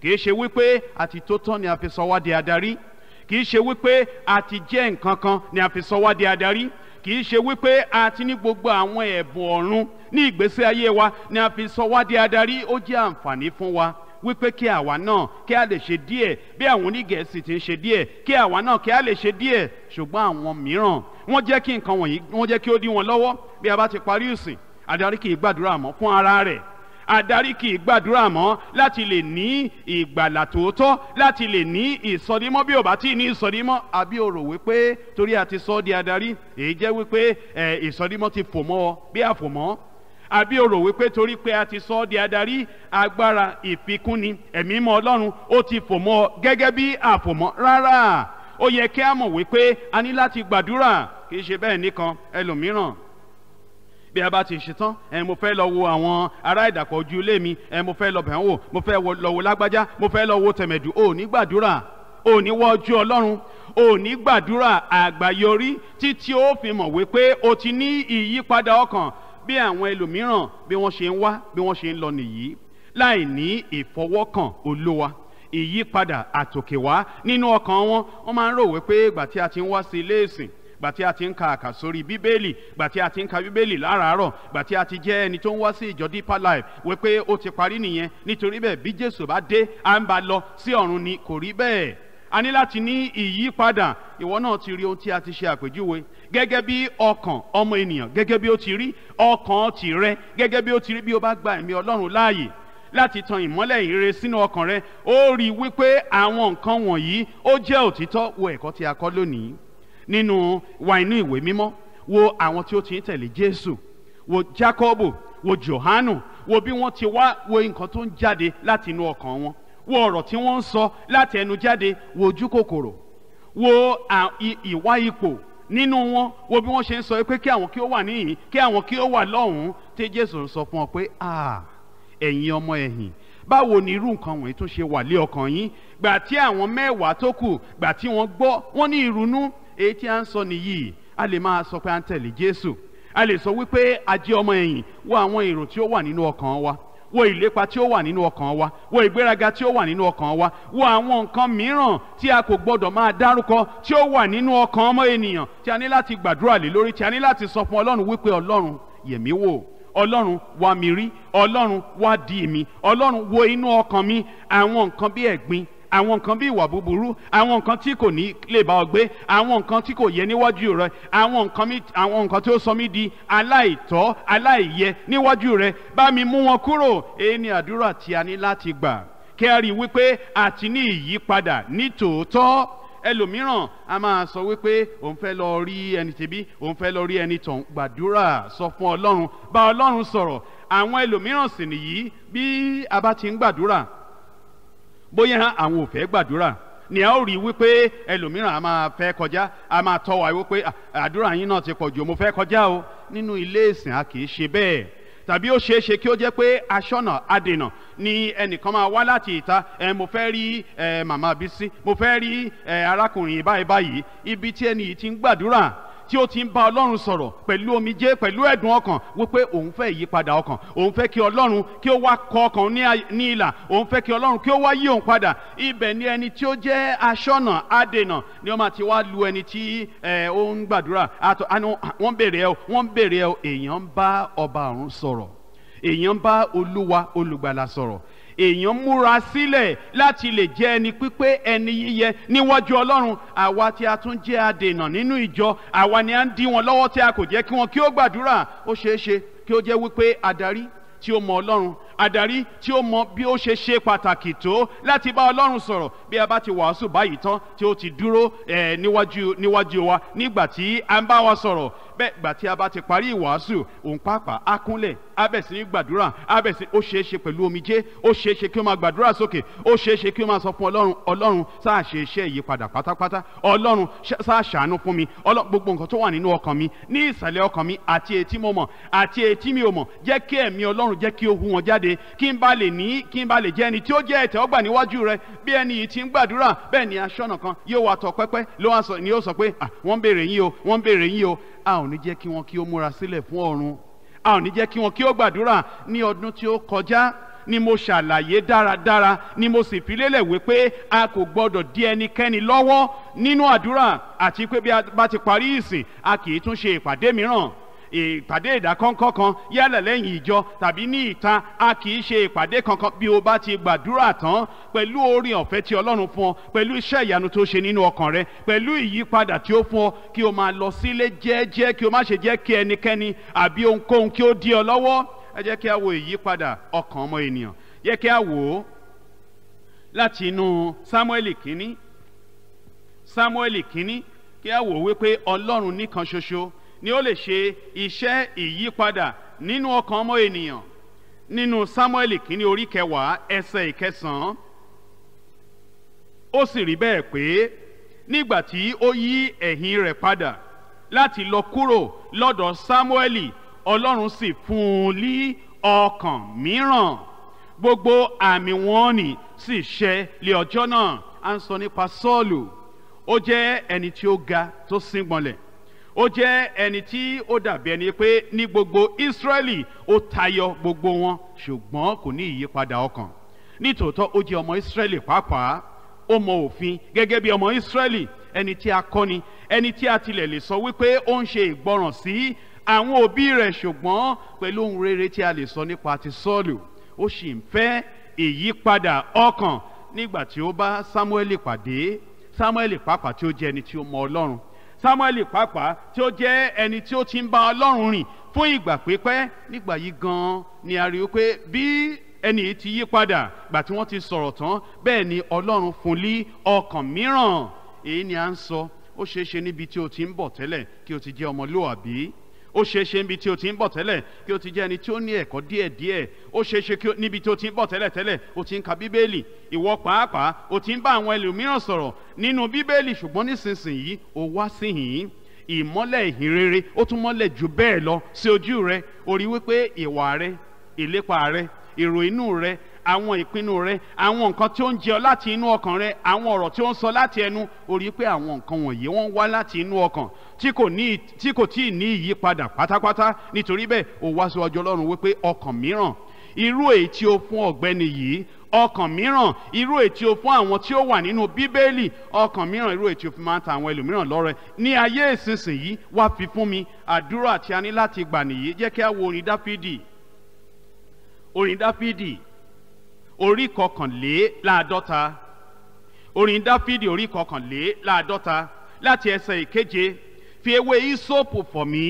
kì í ṣe wípé àti tó tán ni a fi sọ wá di adarí kì í ṣe wípé a jẹ́ nǹkan kan ni a fi sọ wá di adarí kì í ṣe wípé a ní gbogbo àwọn ẹ̀bùn ọ̀run ní ìgbésí ayé wa ni a fi sọ wá di adarí ó jẹ́ àǹfààní fún wa wípé kí àwa náà kí a lè ṣe díẹ̀ bí àwọn onígẹ̀ẹ́sì ti ń ṣe díẹ̀ kí àwa náà kí a lè ṣe díẹ̀ ṣùgbọ́n àwọn mìíràn wọ́n jẹ́ kí nǹkan wọ̀nyí wọ́n jẹ́ kí ó dí wọn lọ́wọ́ bí a bá ti parí ìsìn adarí kì í gbàdúrà mọ́ fún ara rẹ̀ adarí kì í gbàdúrà mọ́ láti lè ní ìgbàlà tòótọ́ láti lè ní ìsọdímọ́ bí ò bá tí ní ìsọdímọ́ àbí o rò wípé torí a ti sọ ọ́ di adarí èyí jẹ́ wípé ìsọdímọ́ ti fò mọ́ ọ bí àfòmọ́ àbí o rò wípé torí pé a ti sọ ọ́ di adarí agbára ìfikúnni ẹ̀mí mọ́ ọlọ́run ó ti fò mọ́ ọ gẹ́gẹ́ bí àfòmọ́ rárá ó yẹ kí a mọ̀ wípé a ní láti gbàdúrà kì í ṣe bẹ́ẹ̀ nìkan ẹlòmíràn bí a bá ti ṣe tán ẹ mo fẹ́ lọ wo àwọn ará ìdàpọ̀ ojú ilé mi ẹ mo fẹ́ lọ bẹ̀ wò mo fẹ́ lọ wo lágbájá mo fẹ́ lọ wo tẹ̀mẹ̀dù ò ní gbàdúrà ò ní wọ ojú ọlọ́run ò ní gbàdúrà àgbáyọrí títí ó fi mọ̀ wípé o ti ní ìyípadà ọkàn bí àwọn ẹlòmíràn bí wọ́n ṣe ń wá bí wọ́n ṣe ń lọ nìyí láì ní ìfọwọ́kàn olówa ìyípadà àtòkèwá nínú ọkàn wọn wọ́n máa ń rò wípé ìgbà tí a ti ń wá sí ilé ìsìn gbà tí a ti ń ka àkàsórí bíbélì gbà tí a ti ń ka bíbélì láràárọ̀ gbà tí a ti jẹ́ ẹni tó ń wá sí ìjọ deeper life wípé ó ti parí nìyẹn nítorí bẹ́ẹ̀ bí jésù bá dé à ń bá lọ sí ọ̀run ni kò rí bẹ́ẹ̀ a ní láti ní ìyípadà ìwọ náà ti rí ohun tí a ti ṣe àpèjúwe gẹ́gẹ́ bí ọkàn ọmọ ènìyàn gẹ́gẹ́ bí ó ti rí ọkàn tìrẹ gẹ́gẹ́ bí ó ti rí bí ó bá gba ẹ̀mí ọlọ́run láàyè láti tan ìmọ́lẹ̀ ìrere sínú ọkàn rẹ ó rí i wípé àwọn nǹkan wọ̀nyí ó jẹ́ òtítọ́ wo ẹ̀kọ́ tí a kọ́ lónìí nínú wa inú ìwé mímọ́ wo àwọn tí ó ti ń tẹ̀lé Jésù wo Jákọ́bù wo Jòhánù wo bí wọ́n ti wá wo nǹkan tó ń jáde láti inú ọkàn wọn wo ọ̀rọ̀ tí wọ́n ń sọ láti ẹnu jáde wo ojú kòkòrò wo ìwá ipò nínú wọn wo bí wọ́n ṣe ń sọ pé kí àwọn kí ó wà níhìn kí àwọn kí ó wà lọ́hùn-ún tí jésù sọ fún ọ pé ẹ̀yin ọmọ ẹ̀yìn báwo ni irú nǹkan wọ̀nyí tún ṣe wà lé ọkàn yín gbà tí àwọn mẹ́wàá tó kù gbà tí wọ́n gbọ́ wọ́n ní ìrunú èyí tí a ń sọ nìyí a lè máa sọ pé à ń tẹ̀lé jésù a lè sọ wípé a ọmọ ẹ̀yìn wo àwọn èrò tí ó wà nínú ọkàn wa wo ìlépa tí ó wà nínú ọkàn wa wo ìgbéraga tí ó wà nínú ọkàn wa wo àwọn nǹkan mìíràn tí a kò gbọdọ̀ máa dárúkọ tí ó wà nínú ọkàn ọmọ ènìyàn tí a ní láti gbàdúrà lé lórí tí a ní láti sọ fún ọlọ́run wípé ọlọ́run yẹ̀mí wò ọlọ́run wá mi rí ọlọ́run wá dì mí ọlọ́run wo inú ọkàn mi àwọn nǹkan bí ẹ̀gbin àwọn nǹkan bí ìwà búburú àwọn nǹkan tí kò ní lè bá ọ gbé àwọn nǹkan tí kò yẹ níwájú rẹ àwọn nǹkan tí ó sọ mí di aláìtọ́ aláìyẹ níwájú rẹ bá mi mú wọn kúrò èyí ni àdúrà tí a ní láti gbà kí a rí wípé àti ní ìyípadà ní tòótọ́ ẹlòmíràn a máa sọ wípé òun fẹ́ lọ rí ẹni tèbí òun fẹ́ lọ rí ẹni tọ̀hún gbàdúrà sọ fún ọlọ́run bá ọlọ́run sọ̀rọ̀ àwọn ẹlòmíràn sì nìyí bí a bá ti ń gbàdúrà bóyá àwọn ò fẹ́ gbàdúrà ni a ó rí wípé ẹlòmíràn a máa fẹ́ kọjá a máa tọ́ wa wípé àdúrà yín náà ti pọ̀ jù mo fẹ́ kọjá o nínú ilé ìsìn a kì í ṣe bẹ́ẹ̀ tàbí ó ṣeé ṣe kí ó jẹ́ pé aṣọ́nà adènà ni ẹnìkan máa wá láti ìta ẹ mo fẹ́ rí ẹ màmá Bísí mo fẹ́ rí ẹ arákùnrin báyìí báyìí ibi tí ẹni yìí ti ń gbàdúrà tí ó ti ń bá ọlọ́run sọ̀rọ̀ pẹ̀lú omijé pẹ̀lú ẹ̀dùn ọkàn wípé òun fẹ́ ìyípadà ọkàn òun fẹ́ kí ọlọ́run kí ó wá kọ ọkàn ní ìlà òun fẹ́ kí ọlọ́run kí ó wá yí òun padà ibẹ̀ ni ẹni tí ó jẹ́ aṣọ́nà adènà ni wọ́n máa ti wá lu ẹni tí ó ń gbàdúrà wọ́n béèrè ẹ wọ́n béèrè ẹ èèyàn ń bá ọba ọ̀run sọ̀rọ̀ èèyàn ń bá olúwa olùgbàlà sọ̀rọ̀ èèyàn múra sílẹ̀ láti lè jẹ́ ẹni pípé ẹni yíyẹ níwájú ọlọ́run àwa tí a tún jẹ́ adènà nínú ìjọ àwa ni à ń dí wọn lọ́wọ́ tí a kò jẹ́ kí wọn kí ó gbàdúrà ó ṣeé ṣe kí ó jẹ́ wípé adarí tí ó mọ ọlọ́run adarí tí ó mọ bí ó ṣe ṣe pàtàkì tó láti bá ọlọ́run sọ̀rọ̀ bí a bá ti wàásù báyìí tán tí ó ti dúró níwájú wa nígbà tí a ń bá wa sọ̀rọ̀ bẹ́ẹ̀ gbà tí a bá ti parí ìwàásù òun pàápàá á kúnlẹ̀ á bẹ̀ sí ní gbàdúrà á bẹ̀ sí ó ṣeé ṣe pẹ̀lú omijé ó ṣeé ṣe kí ó máa gbàdúrà sókè ó ṣeé ṣe kí ó máa sọ fún ọlọ́run ọlọ́run sáà iṣẹ́ ìyípadà pátápátá ọlọ́run sáà fún mi gbogbo nǹkan tó wà nínú ọkàn mi ní ìsàlẹ̀ ọkàn mi àti etí mo mọ̀ àti etí mi ò mọ̀ jẹ́ kí ẹ̀mí ọlọ́run jẹ́ kí ó hu wọn jáde kí n bá lè ní kí n bá lè jẹ́ ẹni tí ó jẹ́ ẹ̀tẹ́wọ́gbà níwájú rẹ bí ẹni yìí ti ń gbàdúrà bẹ́ẹ̀ ni aṣọ́nà kan yóò wá tọ pẹ́pẹ́ ló wá sọ ni ó sọ pé ah wọ́n ń béèrè yín o wọ́n ń béèrè yín o a ò ní jẹ́ kí wọn kí ó múra sílẹ̀ fún ọ̀run a ò ní jẹ́ kí wọn kí ó gbàdúrà ní ọdún tí ó kọjá ni mo ṣàlàyé dáradára ni mo sì fi lélẹ̀ wípé a kò gbọ́dọ̀ dí ẹnikẹ́ni lọ́wọ́ nínú àdúrà àti pé bí a bá ti parí ìsìn a kì í tún ṣe ìpàdé mìíràn ìpàdé ìdákọ́ńkọ́ kan yálà lẹ́yìn ìjọ tàbí ní ìta a kì í ṣe ìpàdé kankan bí o bá ti gbàdúrà tán pẹ̀lú orin ọ̀fẹ́ tí ọlọ́run fún ọ pẹ̀lú iṣẹ́ ìyanu tó ṣe nínú ọkàn rẹ pẹ̀lú ìyípadà tí ó fún ọ kí o máa lọ sílé jẹ́ẹ́jẹ́ kí o má ṣe jẹ́ kí ẹnikẹ́ni àbí ohunkóhun kí ó dí ọ lọ́wọ́ ẹ jẹ́ kí a wo ìyípadà ọkàn ọmọ ènìyàn yẹ kí a wò ó láti inú Sámúẹ́lì kínní Sámúẹ́lì kínní kí a wò wípé ọlọ́run nìkan ṣoṣo ni ó lè ṣe iṣẹ́ ìyípadà nínú ọkàn ọmọ ènìyàn nínú Samuel kínní orí kẹwàá ẹsẹ̀ ìkẹsàn-án ó sì rí bẹ́ẹ̀ pé nígbà tí ó yí ẹ̀yìn rẹ̀ padà láti lọ kúrò lọ́dọ̀ Samuel Ọlọ́run sì fún un ní ọkàn mìíràn gbogbo àmì wọn ni sì ṣẹ lé ọjọ́ náà à ń sọ nípa Sọ́ọ̀lù ó jẹ́ ẹni tí ó ga tó síngbọnlẹ̀ ó jẹ́ ẹni tí ó dàbí ẹni pé ní gbogbo Ísírẹ́lì ó tayọ gbogbo wọn ṣùgbọ́n kò ní ìyípadà ọkàn nítòótọ́ ó jẹ́ ọmọ Ísírẹ́lì pàápàá ó mọ òfin gẹ́gẹ́ bí ọmọ Ísírẹ́lì ẹni tí a kọ́ni ẹni tí a tilẹ̀ lè sọ wípé ó ń ṣe ìgbọràn sí àwọn òbí rẹ̀ ṣùgbọ́n pẹ̀lú ohun rere tí a lè sọ nípa ti Sọ́ọ̀lù ó sì ń fẹ́ ìyípadà ọkàn nígbà tí ó bá Samuel pàdé Samuel pàápàá tí ó jẹ́ ẹni tí ó mọ Ọlọ́run samuel pàápàá tí ó jẹ́ ẹni tí ó ti ń bá ọlọ́run rìn fún ìgbà pípẹ́ nígbà yìí gan-an ni a rí i pé bí ẹni yìí ti yí padà gbà tí wọ́n ti sọ̀rọ̀ tán bẹ́ẹ̀ ni ọlọ́run fún lí ọkàn mìíràn èyí ni à ń sọ ó ṣeé ṣe níbi tí o ti ń bọ̀ tẹ́lẹ̀ kí o ti jẹ́ ọmọlúwàbí ó ṣeé ṣe níbi tí o ti ń bọ̀ tẹ́lẹ̀ kí o ti jẹ́ ẹni tí ó ní ẹ̀kọ́ díẹ̀díẹ̀ ó ṣeé ṣe níbi tí o ti ń bọ̀ tẹ́lẹ̀ tẹ́lẹ̀ o ti ń ka bíbélì ìwọ pàápàá o ti ń bá àwọn ẹlòmíràn sọ̀rọ̀ nínú bíbélì ṣùgbọ́n nísinsìnyí o wá síhìn ìmọ́lẹ̀ ìhìnrere ó tún mọ́lẹ̀ jù bẹ́ẹ̀ lọ sí ojú rẹ o wípé ìwà rẹ ìlépa rẹ èrò inú rẹ àwọn ìpinnu rẹ àwọn nǹkan tí ó ń jẹ ọ láti inú ọkàn rẹ àwọn ọ̀rọ̀ tí ó ń sọ láti ẹnu o rí pé àwọn nǹkan wọ̀nyí wọ́n wá láti inú ọkàn tí kò ní tí kò tí ì ní ìyípadà pátápátá nítorí bẹ́ẹ̀ o wá sí ọjọ́ ọlọ́run wípé ọkàn mìíràn irú èyí tí o fún ọ̀gbẹ́ni yìí ọkàn mìíràn irú èyí tí o fún àwọn tí ó wà nínú bíbélì ọkàn mìíràn irú èyí tí o fi máa ń ta àwọn ẹlòmíràn lọ́rẹ ní ayé ìsinsìnyí wá fi fún mi àdúrà tí a ní láti gbà nìyí jẹ́ kí a wo orin dáfídì orin dáfídì orí kọkànléláàádọ́ta orin dáfídì orí kọkànléláàádọ́ta láti ẹsẹ̀ ìkeje fi ewé ìsóòpù fọ̀ mí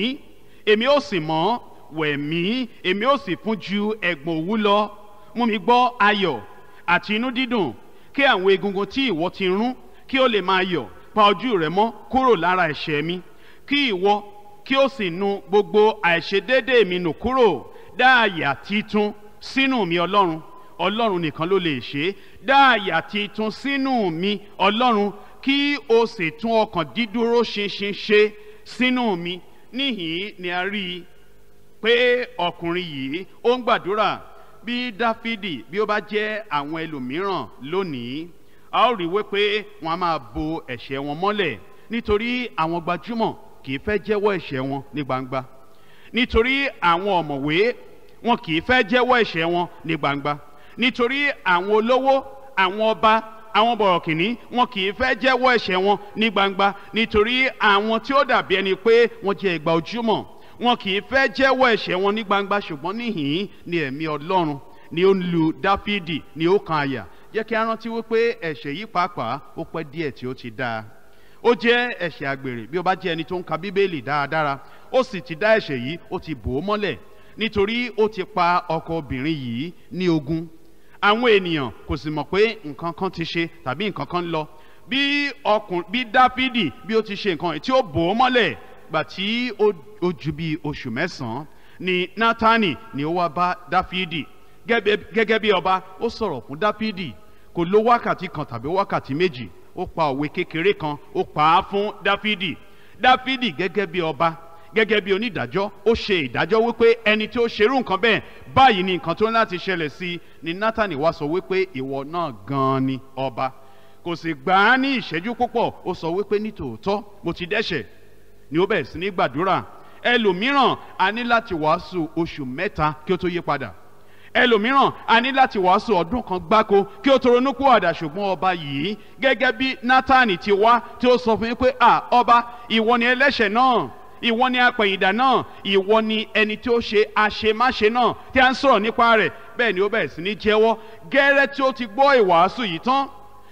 èmi ó sì mọ́ wẹ̀ mí èmi ó sì fún ju ẹ̀gbọ̀n òwú lọ mú mi gbọ́ ayọ̀ àti inú dídùn kí àwọn egungun tí ìwọ ti rún kí ó lè máa yọ̀ pa ojú rẹ mọ́ kúrò lára ẹ̀ṣẹ̀ mi kí ìwọ kí ó sì nu gbogbo àìṣedéédéé mi nù kúrò dá àyà sínú mi ọlọ́run ọlọ́run nìkan ló lè ṣe dáàyà titun sínú mi ọlọ́run kí o sì tún ọkàn dídúró ṣinṣin ṣe sínú mi níhìn ni a rí i pé ọkùnrin yìí ó ń gbàdúrà bí dáfídì bí ó bá jẹ́ àwọn ẹlòmíràn lónìí a ó rí wípé wọn a máa bo ẹ̀ṣẹ̀ wọn mọ́lẹ̀ nítorí àwọn gbajúmọ̀ kì í fẹ́ jẹ́wọ́ ẹ̀ṣẹ̀ wọn ní gbangba nítorí àwọn ọ̀mọ̀wé wọn kì í fẹ́ jẹ́wọ́ ẹ̀ṣẹ̀ wọn ní gbangba nítorí àwọn olówó àwọn ọba àwọn bọ̀rọ̀kìnní wọn kì í fẹ́ jẹ́wọ́ ẹ̀ṣẹ̀ wọn ní gbangba nítorí àwọn tí ó dàbí ẹni pé wọ́n jẹ ìgbà ojúmọ́ wọn kì í fẹ́ jẹ́wọ́ ẹ̀ṣẹ̀ wọn ní gbangba ṣùgbọ́n níhìn-ín ni ẹ̀mí ọlọ́run ni ó ń lu dáfídì ni ó kan àyà jẹ́ kí a rántí wípé ẹ̀ṣẹ̀ yìí pàápàá ó pẹ́ díẹ̀ tí ó ti dáa ó jẹ́ ẹ̀ṣẹ̀ àgbèrè bí ó bá jẹ́ ẹni tó ń ka bíbélì dáadáa ó sì ti dá ẹ̀ṣẹ̀ yìí ó ti bò ó mọ́lẹ̀ nítorí ó ti pa ọkọ obìnrin yìí ní ogún àwọn ènìyàn kò sì mọ̀ pé nǹkan kan ti ṣe tàbí nǹkan kan lọ bí ọkùn bí dáfídì bí ó ti ṣe nǹkan tí ó bò ó mọ́lẹ̀ gbà tí ó ju bí oṣù mẹ́sàn-án ni nátánì ni ó wá bá dáfídì gẹ́gẹ́ bí ọba ó sọ̀rọ̀ fún dáfídì kò lò wákàtí kan tàbí wákàtí méjì ó pa òwe kékeré kan ó pa á fún dáfídì dáfídì gẹ́gẹ́ bí ọba gẹ́gẹ́ bí onídàájọ́ ó ṣe ìdájọ́ wípé ẹni tí ó ṣerú nǹkan bẹ́ẹ̀ báyìí ni nǹkan tó ń láti ṣẹlẹ̀ sí i ni Nátánì wá sọ wípé ìwọ náà gan-an ni ọba kò sì gbà á ní ìṣẹ́jú púpọ̀ ó sọ wípé nítòótọ́ mo ti dẹ́ṣẹ̀ ni ó bẹ̀rẹ̀ sí ní gbàdúrà ẹlòmíràn a ní láti wàásù oṣù mẹ́ta kí ó tó yí padà ẹlòmíràn a ní láti wàásù ọdún kan gbáko kí ó tó ronú àdá ṣùgbọ́n ọba yìí gẹ́gẹ́ bí Nátánì ti wá tí ó sọ fún yín pé à ọba ìwọ ni ẹlẹ́ṣẹ̀ náà ìwọ ni apẹ̀yìndà náà ìwọ ni ẹni tí ó ṣe àṣemáṣe náà tí a ń sọ̀rọ̀ nípa rẹ̀ bẹ́ẹ̀ ni ó bẹ̀rẹ̀ sí ní jẹ́wọ́ gẹ́rẹ́ tí ó ti gbọ́ ìwàásù yìí tán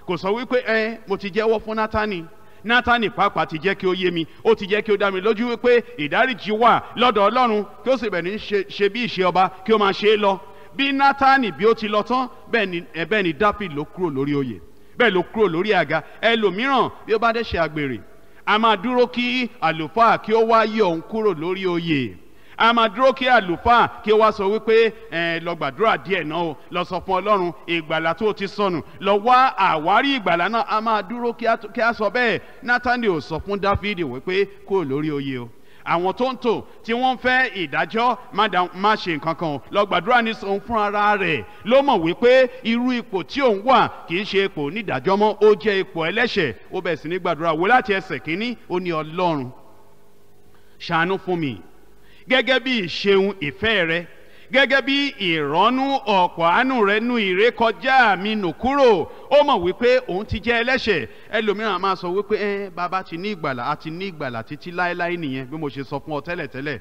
kò sọ wípé ẹ mo ti jẹ́wọ́ fún Nátánì Nátánì pàápàá ti jẹ́ kí ó yé mi ó ti jẹ́ kí ó dá mi lójú wípé ìdáríjì wà lọ́dọ̀ Ọlọ́run kí ó sì bẹ̀ ní ṣe bí ìṣe ọba kí ó máa ṣe é lọ bí Nátánì bí ó ti lọ tán bẹ́ẹ̀ ni Dáfídì ló kúrò lórí oyè bẹ́ẹ̀ ló kúrò lórí àga ẹlòmíràn bí ó bá dẹ́ ṣe àgbèrè a máa dúró kí àlùfáà kí ó wá yí òun kúrò lórí oyè a máa dúró kí àlùfáà kí ó wá sọ wípé ẹ lọ gbàdúrà díẹ̀ náà o lọ sọ fún Ọlọ́run ìgbàlà tó ti sọnù lọ wá àwárí ìgbàlà náà a máa dúró kí a sọ bẹ́ẹ̀ Nátánì ò sọ fún Dáfídì wípé kúrò lórí oyè o àwọn tó ń tò tí wọ́n fẹ́ ìdájọ́ má ṣe nǹkan kan o lọ gbàdúrà ní sòun fún ara rẹ̀ ló mọ̀ wípé irú ipò tí òun wà kì í ṣe ipò onídàájọ́ mọ́ ó jẹ́ ipò ẹlẹ́ṣẹ̀ ó bẹ̀ sí ní gbàdúrà wò láti ẹsẹ̀ kínní ó ní ọlọ́run ṣàánú fún mi gẹ́gẹ́ bí ìṣeun ìfẹ́ rẹ̀ gẹ́gẹ́ bí ìrọ́nú ọ̀pọ̀ àánú rẹ̀ nu ìrékọjá mi nù kúrò ó mọ̀ wípé òun ti jẹ́ ẹlẹ́ṣẹ̀ ẹlòmíràn máa sọ wípé ẹ bàbá ti ní ìgbàlà a ti ní ìgbàlà títí láéláé nìyẹn bí mo ṣe sọ fún ọ tẹ́lẹ̀tẹ́lẹ̀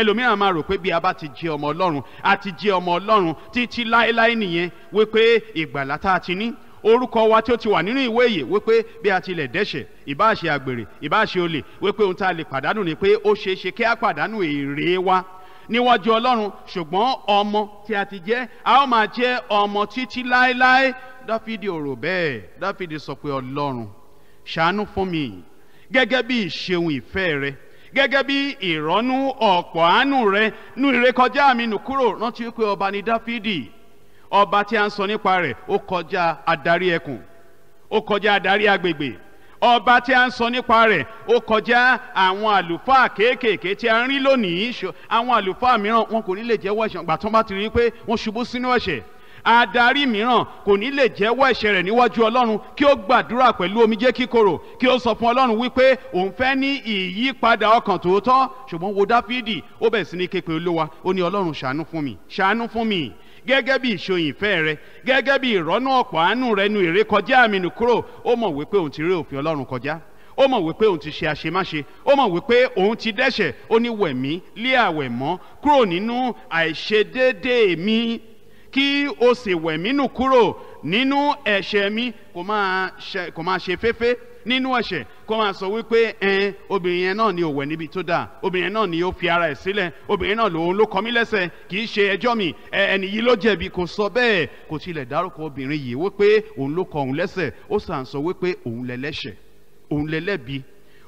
ẹlòmíràn máa rò pé bí a bá ti jẹ́ ọmọ ọlọ́run a ti jẹ́ ọmọ ọlọ́run títí láéláé nìyẹn wípé ìgbàlà tá a ti ní orúkọ wa tí ó ti wà nínú ìwé ìyè wípé bí a ti lè dẹ́ṣẹ̀ ìbáṣe àgbèrè ìbáṣe olè wípé ohun tá a lè pàdánù ni pé ó ṣeé ṣe kí a pàdánù èrè wa níwájú ọlọ́run ṣùgbọ́n ọmọ tí a ti jẹ́ a ó máa jẹ́ ọmọ títí láéláé dáfídì ọ̀rọ̀ bẹ́ẹ̀ dáfídì sọ pé ọlọ́run ṣàánú fún mi gẹ́gẹ́ bí ìṣeun ìfẹ́ rẹ gẹ́gẹ́ bí ìrọ́nú ọ̀pọ̀ àánú rẹ nú ìrékọjá mi nù kúrò rántí pé ọba ni dáfídì ọba tí a ń sọ nípa rẹ̀ ó kọjá adarí ẹkùn ó kọjá adarí agbègbè ọba tí a ń sọ nípa rẹ̀ ó kọjá àwọn àlùfáà kéékèèké tí a ń rí lónìí àwọn àlùfáà mìíràn wọn kò ní lè jẹ́wọ́ ẹ̀ṣẹ̀ ìgbà tó bá ti rí i pé wọ́n ṣubú sínú ẹ̀ṣẹ̀ adarí mìíràn kò ní lè jẹ́wọ́ ẹ̀ṣẹ̀ rẹ̀ níwájú ọlọ́run kí ó gbàdúrà pẹ̀lú omijé kíkorò kí ó sọ fún ọlọ́run wípé òun fẹ́ ní ìyípadà ọkàn tòótọ́ ṣùgbọ́n wo dáfídì ó bẹ̀ sí ní képe olówa ó ní ọlọ́run ṣàánú fún mi ṣàánú fún mi gẹ́gẹ́ bí ìṣòyìn ìfẹ́ rẹ gẹ́gẹ́ bí ìrọ́nà ọ̀pọ̀ àánú rẹ nu ìrékọjá àmínú kúrò ó mọ̀ wípé òun ti rí òfin ọlọ́run kọjá ó mọ̀ wípé òun ti ṣe àṣemáṣe ó mọ̀ wípé òun ti dẹ́ṣẹ̀ ó ní wẹ̀mí lé àwẹ̀ mọ́ kúrò nínú àìṣedéédéé mi kí o sì wẹ̀mí nù kúrò nínú ẹ̀ṣẹ̀ mi kò máa ṣe fẹ́fẹ́ nínú ẹ̀ṣẹ̀ kó máa sọ wípé ẹn obìnrin yẹn náà ni ó wẹ̀ níbi tó dáa obìnrin náà ni ó fi ara ẹ̀ sílẹ̀ obìnrin náà lòun ló kọ mí lẹ́sẹ̀ kì í ṣe ẹjọ́ mi ẹni yìí ló jẹ̀bi kò sọ bẹ́ẹ̀ kò tilẹ̀ dárúkọ obìnrin yìí wípé òun ló kọ òun lẹ́sẹ̀ ó sàn sọ wípé òun lẹ́lẹ́ṣẹ̀ òun lẹ́lẹ́bi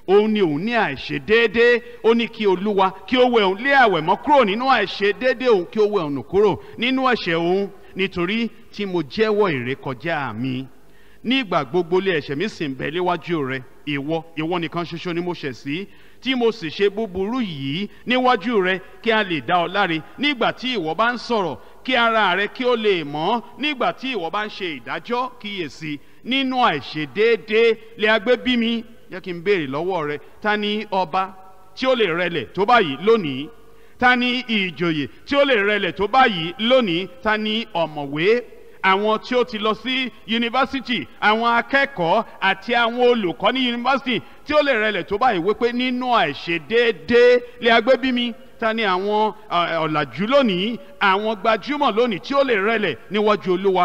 òun ni òun ní àìṣe déédéé ó ní kí olúwa kí ó wẹ òun lé àwẹ̀ mọ́ kúrò nínú àìṣe déédéé òun kí ó wẹ òun nù kúrò nínú ẹ̀ṣẹ̀ òun nítorí tí mo jẹ́wọ́ ìrékọjá mi ní ìgbà gbogbo lé ẹ̀ṣẹ̀ mi sì ń bẹ léwájú rẹ ìwọ ìwọ nìkan ṣoṣo ni mo ṣẹ̀ sí tí mo sì ṣe búburú yìí níwájú rẹ kí a lè dá ọ láre nígbà tí ìwọ bá ń sọ̀rọ̀ kí ara rẹ kí ó lè mọ́ nígbà tí ìwọ bá ń ṣe ìdájọ́ kíyèsí nínú àìṣedéédéé lè agbé bí mi yẹ kí n béèrè lọ́wọ́ rẹ ta ni ọba tí ó lè rẹlẹ̀ tó báyìí lónìí ta ni ìjòyè tí ó lè rẹlẹ̀ tó báyìí lónìí ta ni ọ̀mọ̀wé àwọn tí ó ti lọ sí yunifásitì àwọn akẹ́kọ̀ọ́ àti àwọn olùkọ́ ní yunifásitì tí ó lè rẹlẹ̀ tó báyìí wípé nínú àìṣedéédéé lè agbé bí mi ta ni àwọn ọ̀làjú lónìí àwọn gbajúmọ̀ lónìí tí ó lè rẹlẹ̀ níwájú olúwa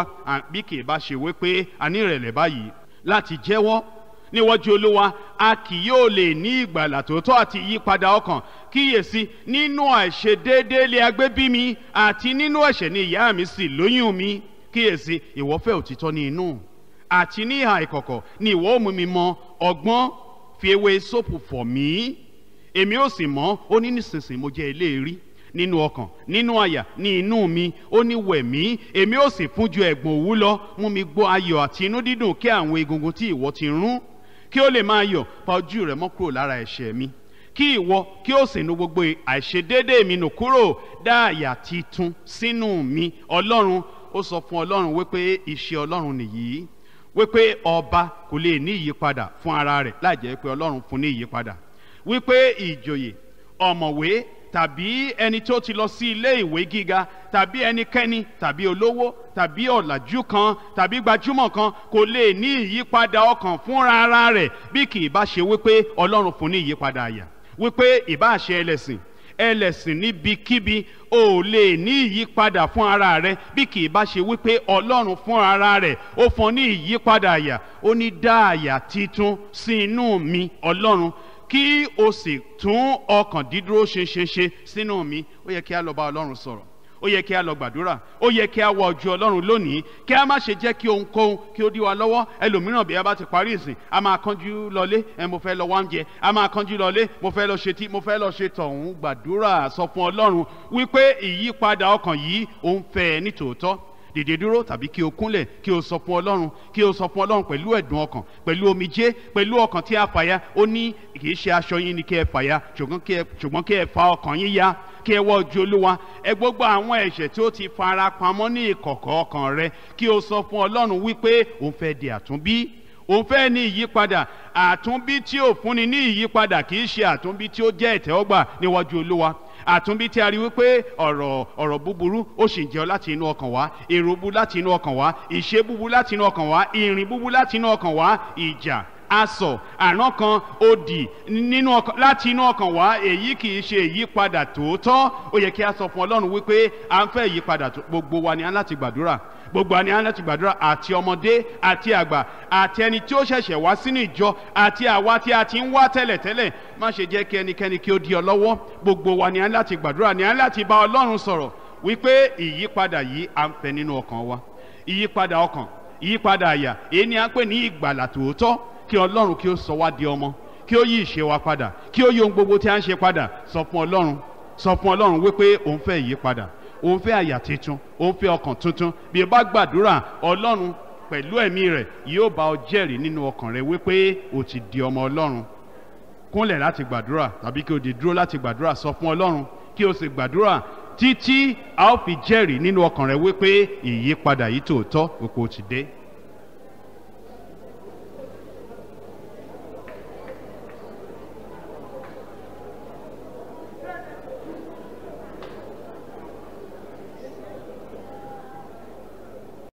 bí kì í bá ṣe wípé a ní ìrẹ̀lẹ̀ báyìí láti jẹ́wọ́ níwájú olúwa a kì yóò lè ní ìgbàlà tòótọ́ àti ìyípadà ọkàn kíyèsí nínú àìṣedéédéé lè agbé bí mi àti nínú ẹ̀ṣẹ̀ ni ìyá mi sì lóyún mi kíyèsí ìwọ fẹ́ òtítọ́ ní inú àti ní ìhà ìkọ̀kọ̀ ni ìwọ ó mú mi mọ ọgbọ́n fi ewé sóòpù fọ̀ mí èmi ó sì mọ́ ó ní nísinsìnyí mo jẹ́ eléèrí nínú ọkàn nínú àyà ní inú mi ó ní wẹ̀ mí èmi ó sì fún ju ẹ̀gbọ̀n òwú lọ mú mi gbọ́ ayọ̀ àti inú dídùn kí àwọn egungun tí ìwọ ti rún kí ó lè máa yọ̀ pa ojú rẹ̀ mọ́ kúrò lára ẹ̀ṣẹ̀ mi kí ìwọ kí ó sì nu gbogbo àìṣedéédé mi nù kúrò dá àyà titun sínú mi ọlọ́run ó sọ fún ọlọ́run wípé iṣẹ́ ọlọ́run nìyí wípé ọba kò lè ní ìyípadà fún ara rẹ̀ láìjẹ́ pé ọlọ́run fún ní ìyípadà wípé ìjòyè ọ̀mọ̀wé tàbí ẹni tó ti lọ sí ilé ìwé gíga tàbí ẹnikẹ́ni tàbí olówó tàbí ọ̀làjú kan tàbí gbajúmọ̀ kan kò lè ní ìyípadà ọkàn fúnra ara rẹ̀ bí kì í bá ṣe wípé ọlọ́run fún ní ìyípadà àyà wípé ìbá ẹlẹ́sìn ẹlẹ́sìn níbikíbi o ò lè ní ìyípadà fún ara rẹ bí kì í bá ṣe wípé ọlọ́run fún ara rẹ̀ ó fún ní ìyípadà àyà ó ní dá àyà titun sí inú mi ọlọ́run kí o sì tún ọkàn dídúró ṣinṣin sínú mi ó yẹ kí a lọ bá ọlọ́run sọ̀rọ̀ ó yẹ kí a lọ gbàdúrà ó yẹ kí a wọ ojú ọlọ́run lónìí kí a má ṣe jẹ́ kí ohunkóhun kí ó dí wa lọ́wọ́ ẹlòmíràn bí a bá ti parí ìsìn a máa kánjú lọlé ẹ mo fẹ́ lọ wá a máa kánjú lọlé mo fẹ́ lọ ṣe tí mo fẹ́ lọ ṣe tọ̀hún gbàdúrà sọ fún ọlọ́run wípé ìyípadà ọkàn yìí òun fẹ́ nítòótọ́ dìde dúró tàbí kí o kúnlẹ̀ kí o sọ fún ọlọ́run kí o sọ fún ọlọ́run pẹ̀lú ẹ̀dùn ọkàn pẹ̀lú omijé pẹ̀lú ọkàn tí a fàya ó ní kì í ṣe aṣọ yín ni kí ẹ fàya ṣùgbọ́n kí ẹ fa ọkàn yín ya kí ẹ wọ́ ojú olúwa ẹ gbogbo àwọn ẹ̀ṣẹ̀ tí ó ti fara pamọ́ ní ìkọ̀kọ̀ ọkàn rẹ kí o sọ fún ọlọ́run wípé òun fẹ́ di àtúnbí òun fẹ́ ní ìyípadà àtúnbí tí ò fúnni ní ìyípadà kì í ṣe àtúnbí tí ó jẹ́ ìtẹ́wọ́gbà níwájú olúwa àtúnbí tí a rí wípé ọ̀rọ̀ ọ̀rọ̀ búburú ó sì ń jẹ́ láti inú ọkàn wá èrò bú láti inú ọkàn wá ìṣe búburú láti inú ọkàn wá ìrìn búburú láti inú ọkàn wá ìjà asọ̀ àná kan odì nínú ọkàn láti inú ọkàn wá èyí kì í ṣe ìyípadà tòótọ́ ó yẹ kí a sọ fún Ọlọ́run wípé à ń fẹ́ ìyípadà gbogbo wa ni a láti gbàdúrà gbogbo àní á láti gbàdúrà àti ọmọdé àti àgbà àti ẹni tí ó ṣẹ̀ṣẹ̀ wá sínú ìjọ àti àwa tí a ti ń wá tẹ́lẹ̀tẹ́lẹ̀ má ṣe jẹ́ kí ẹnikẹ́ni kí ó di ọ lọ́wọ́ gbogbo wa ni á láti gbàdúrà ni á láti bá Ọlọ́run sọ̀rọ̀ wípé ìyípadà yìí à ń fẹ́ nínú ọkàn wa ìyípadà ọkàn ìyípadà àyà èyí ni à ń pè ní ìgbàlà tòótọ́ kí Ọlọ́run kí ó sọ wá di ọmọ kí ó yí ìṣe wa padà kí ó yí ohun gbogbo tí a ń ṣe padà sọ fún Ọlọ́run sọ fún Ọlọ́run wípé òun fẹ́ ìyípadà ó ń fẹ́ àyà tuntun ó ń fẹ́ ọkàn tuntun bí o bá gbàdúrà ọlọ́run pẹ̀lú ẹ̀mí rẹ̀ yóò bá ọ jẹ́rìí nínú ọkàn rẹ wípé o ti di ọmọ ọlọ́run kúnlẹ̀ láti gbàdúrà tàbí kí o di dúró láti gbàdúrà sọ fún ọlọ́run kí o sì gbàdúrà títí a ó fi jẹ́rìí nínú ọkàn rẹ wípé ìyípadà yìí tòótọ́ òpó ti dé.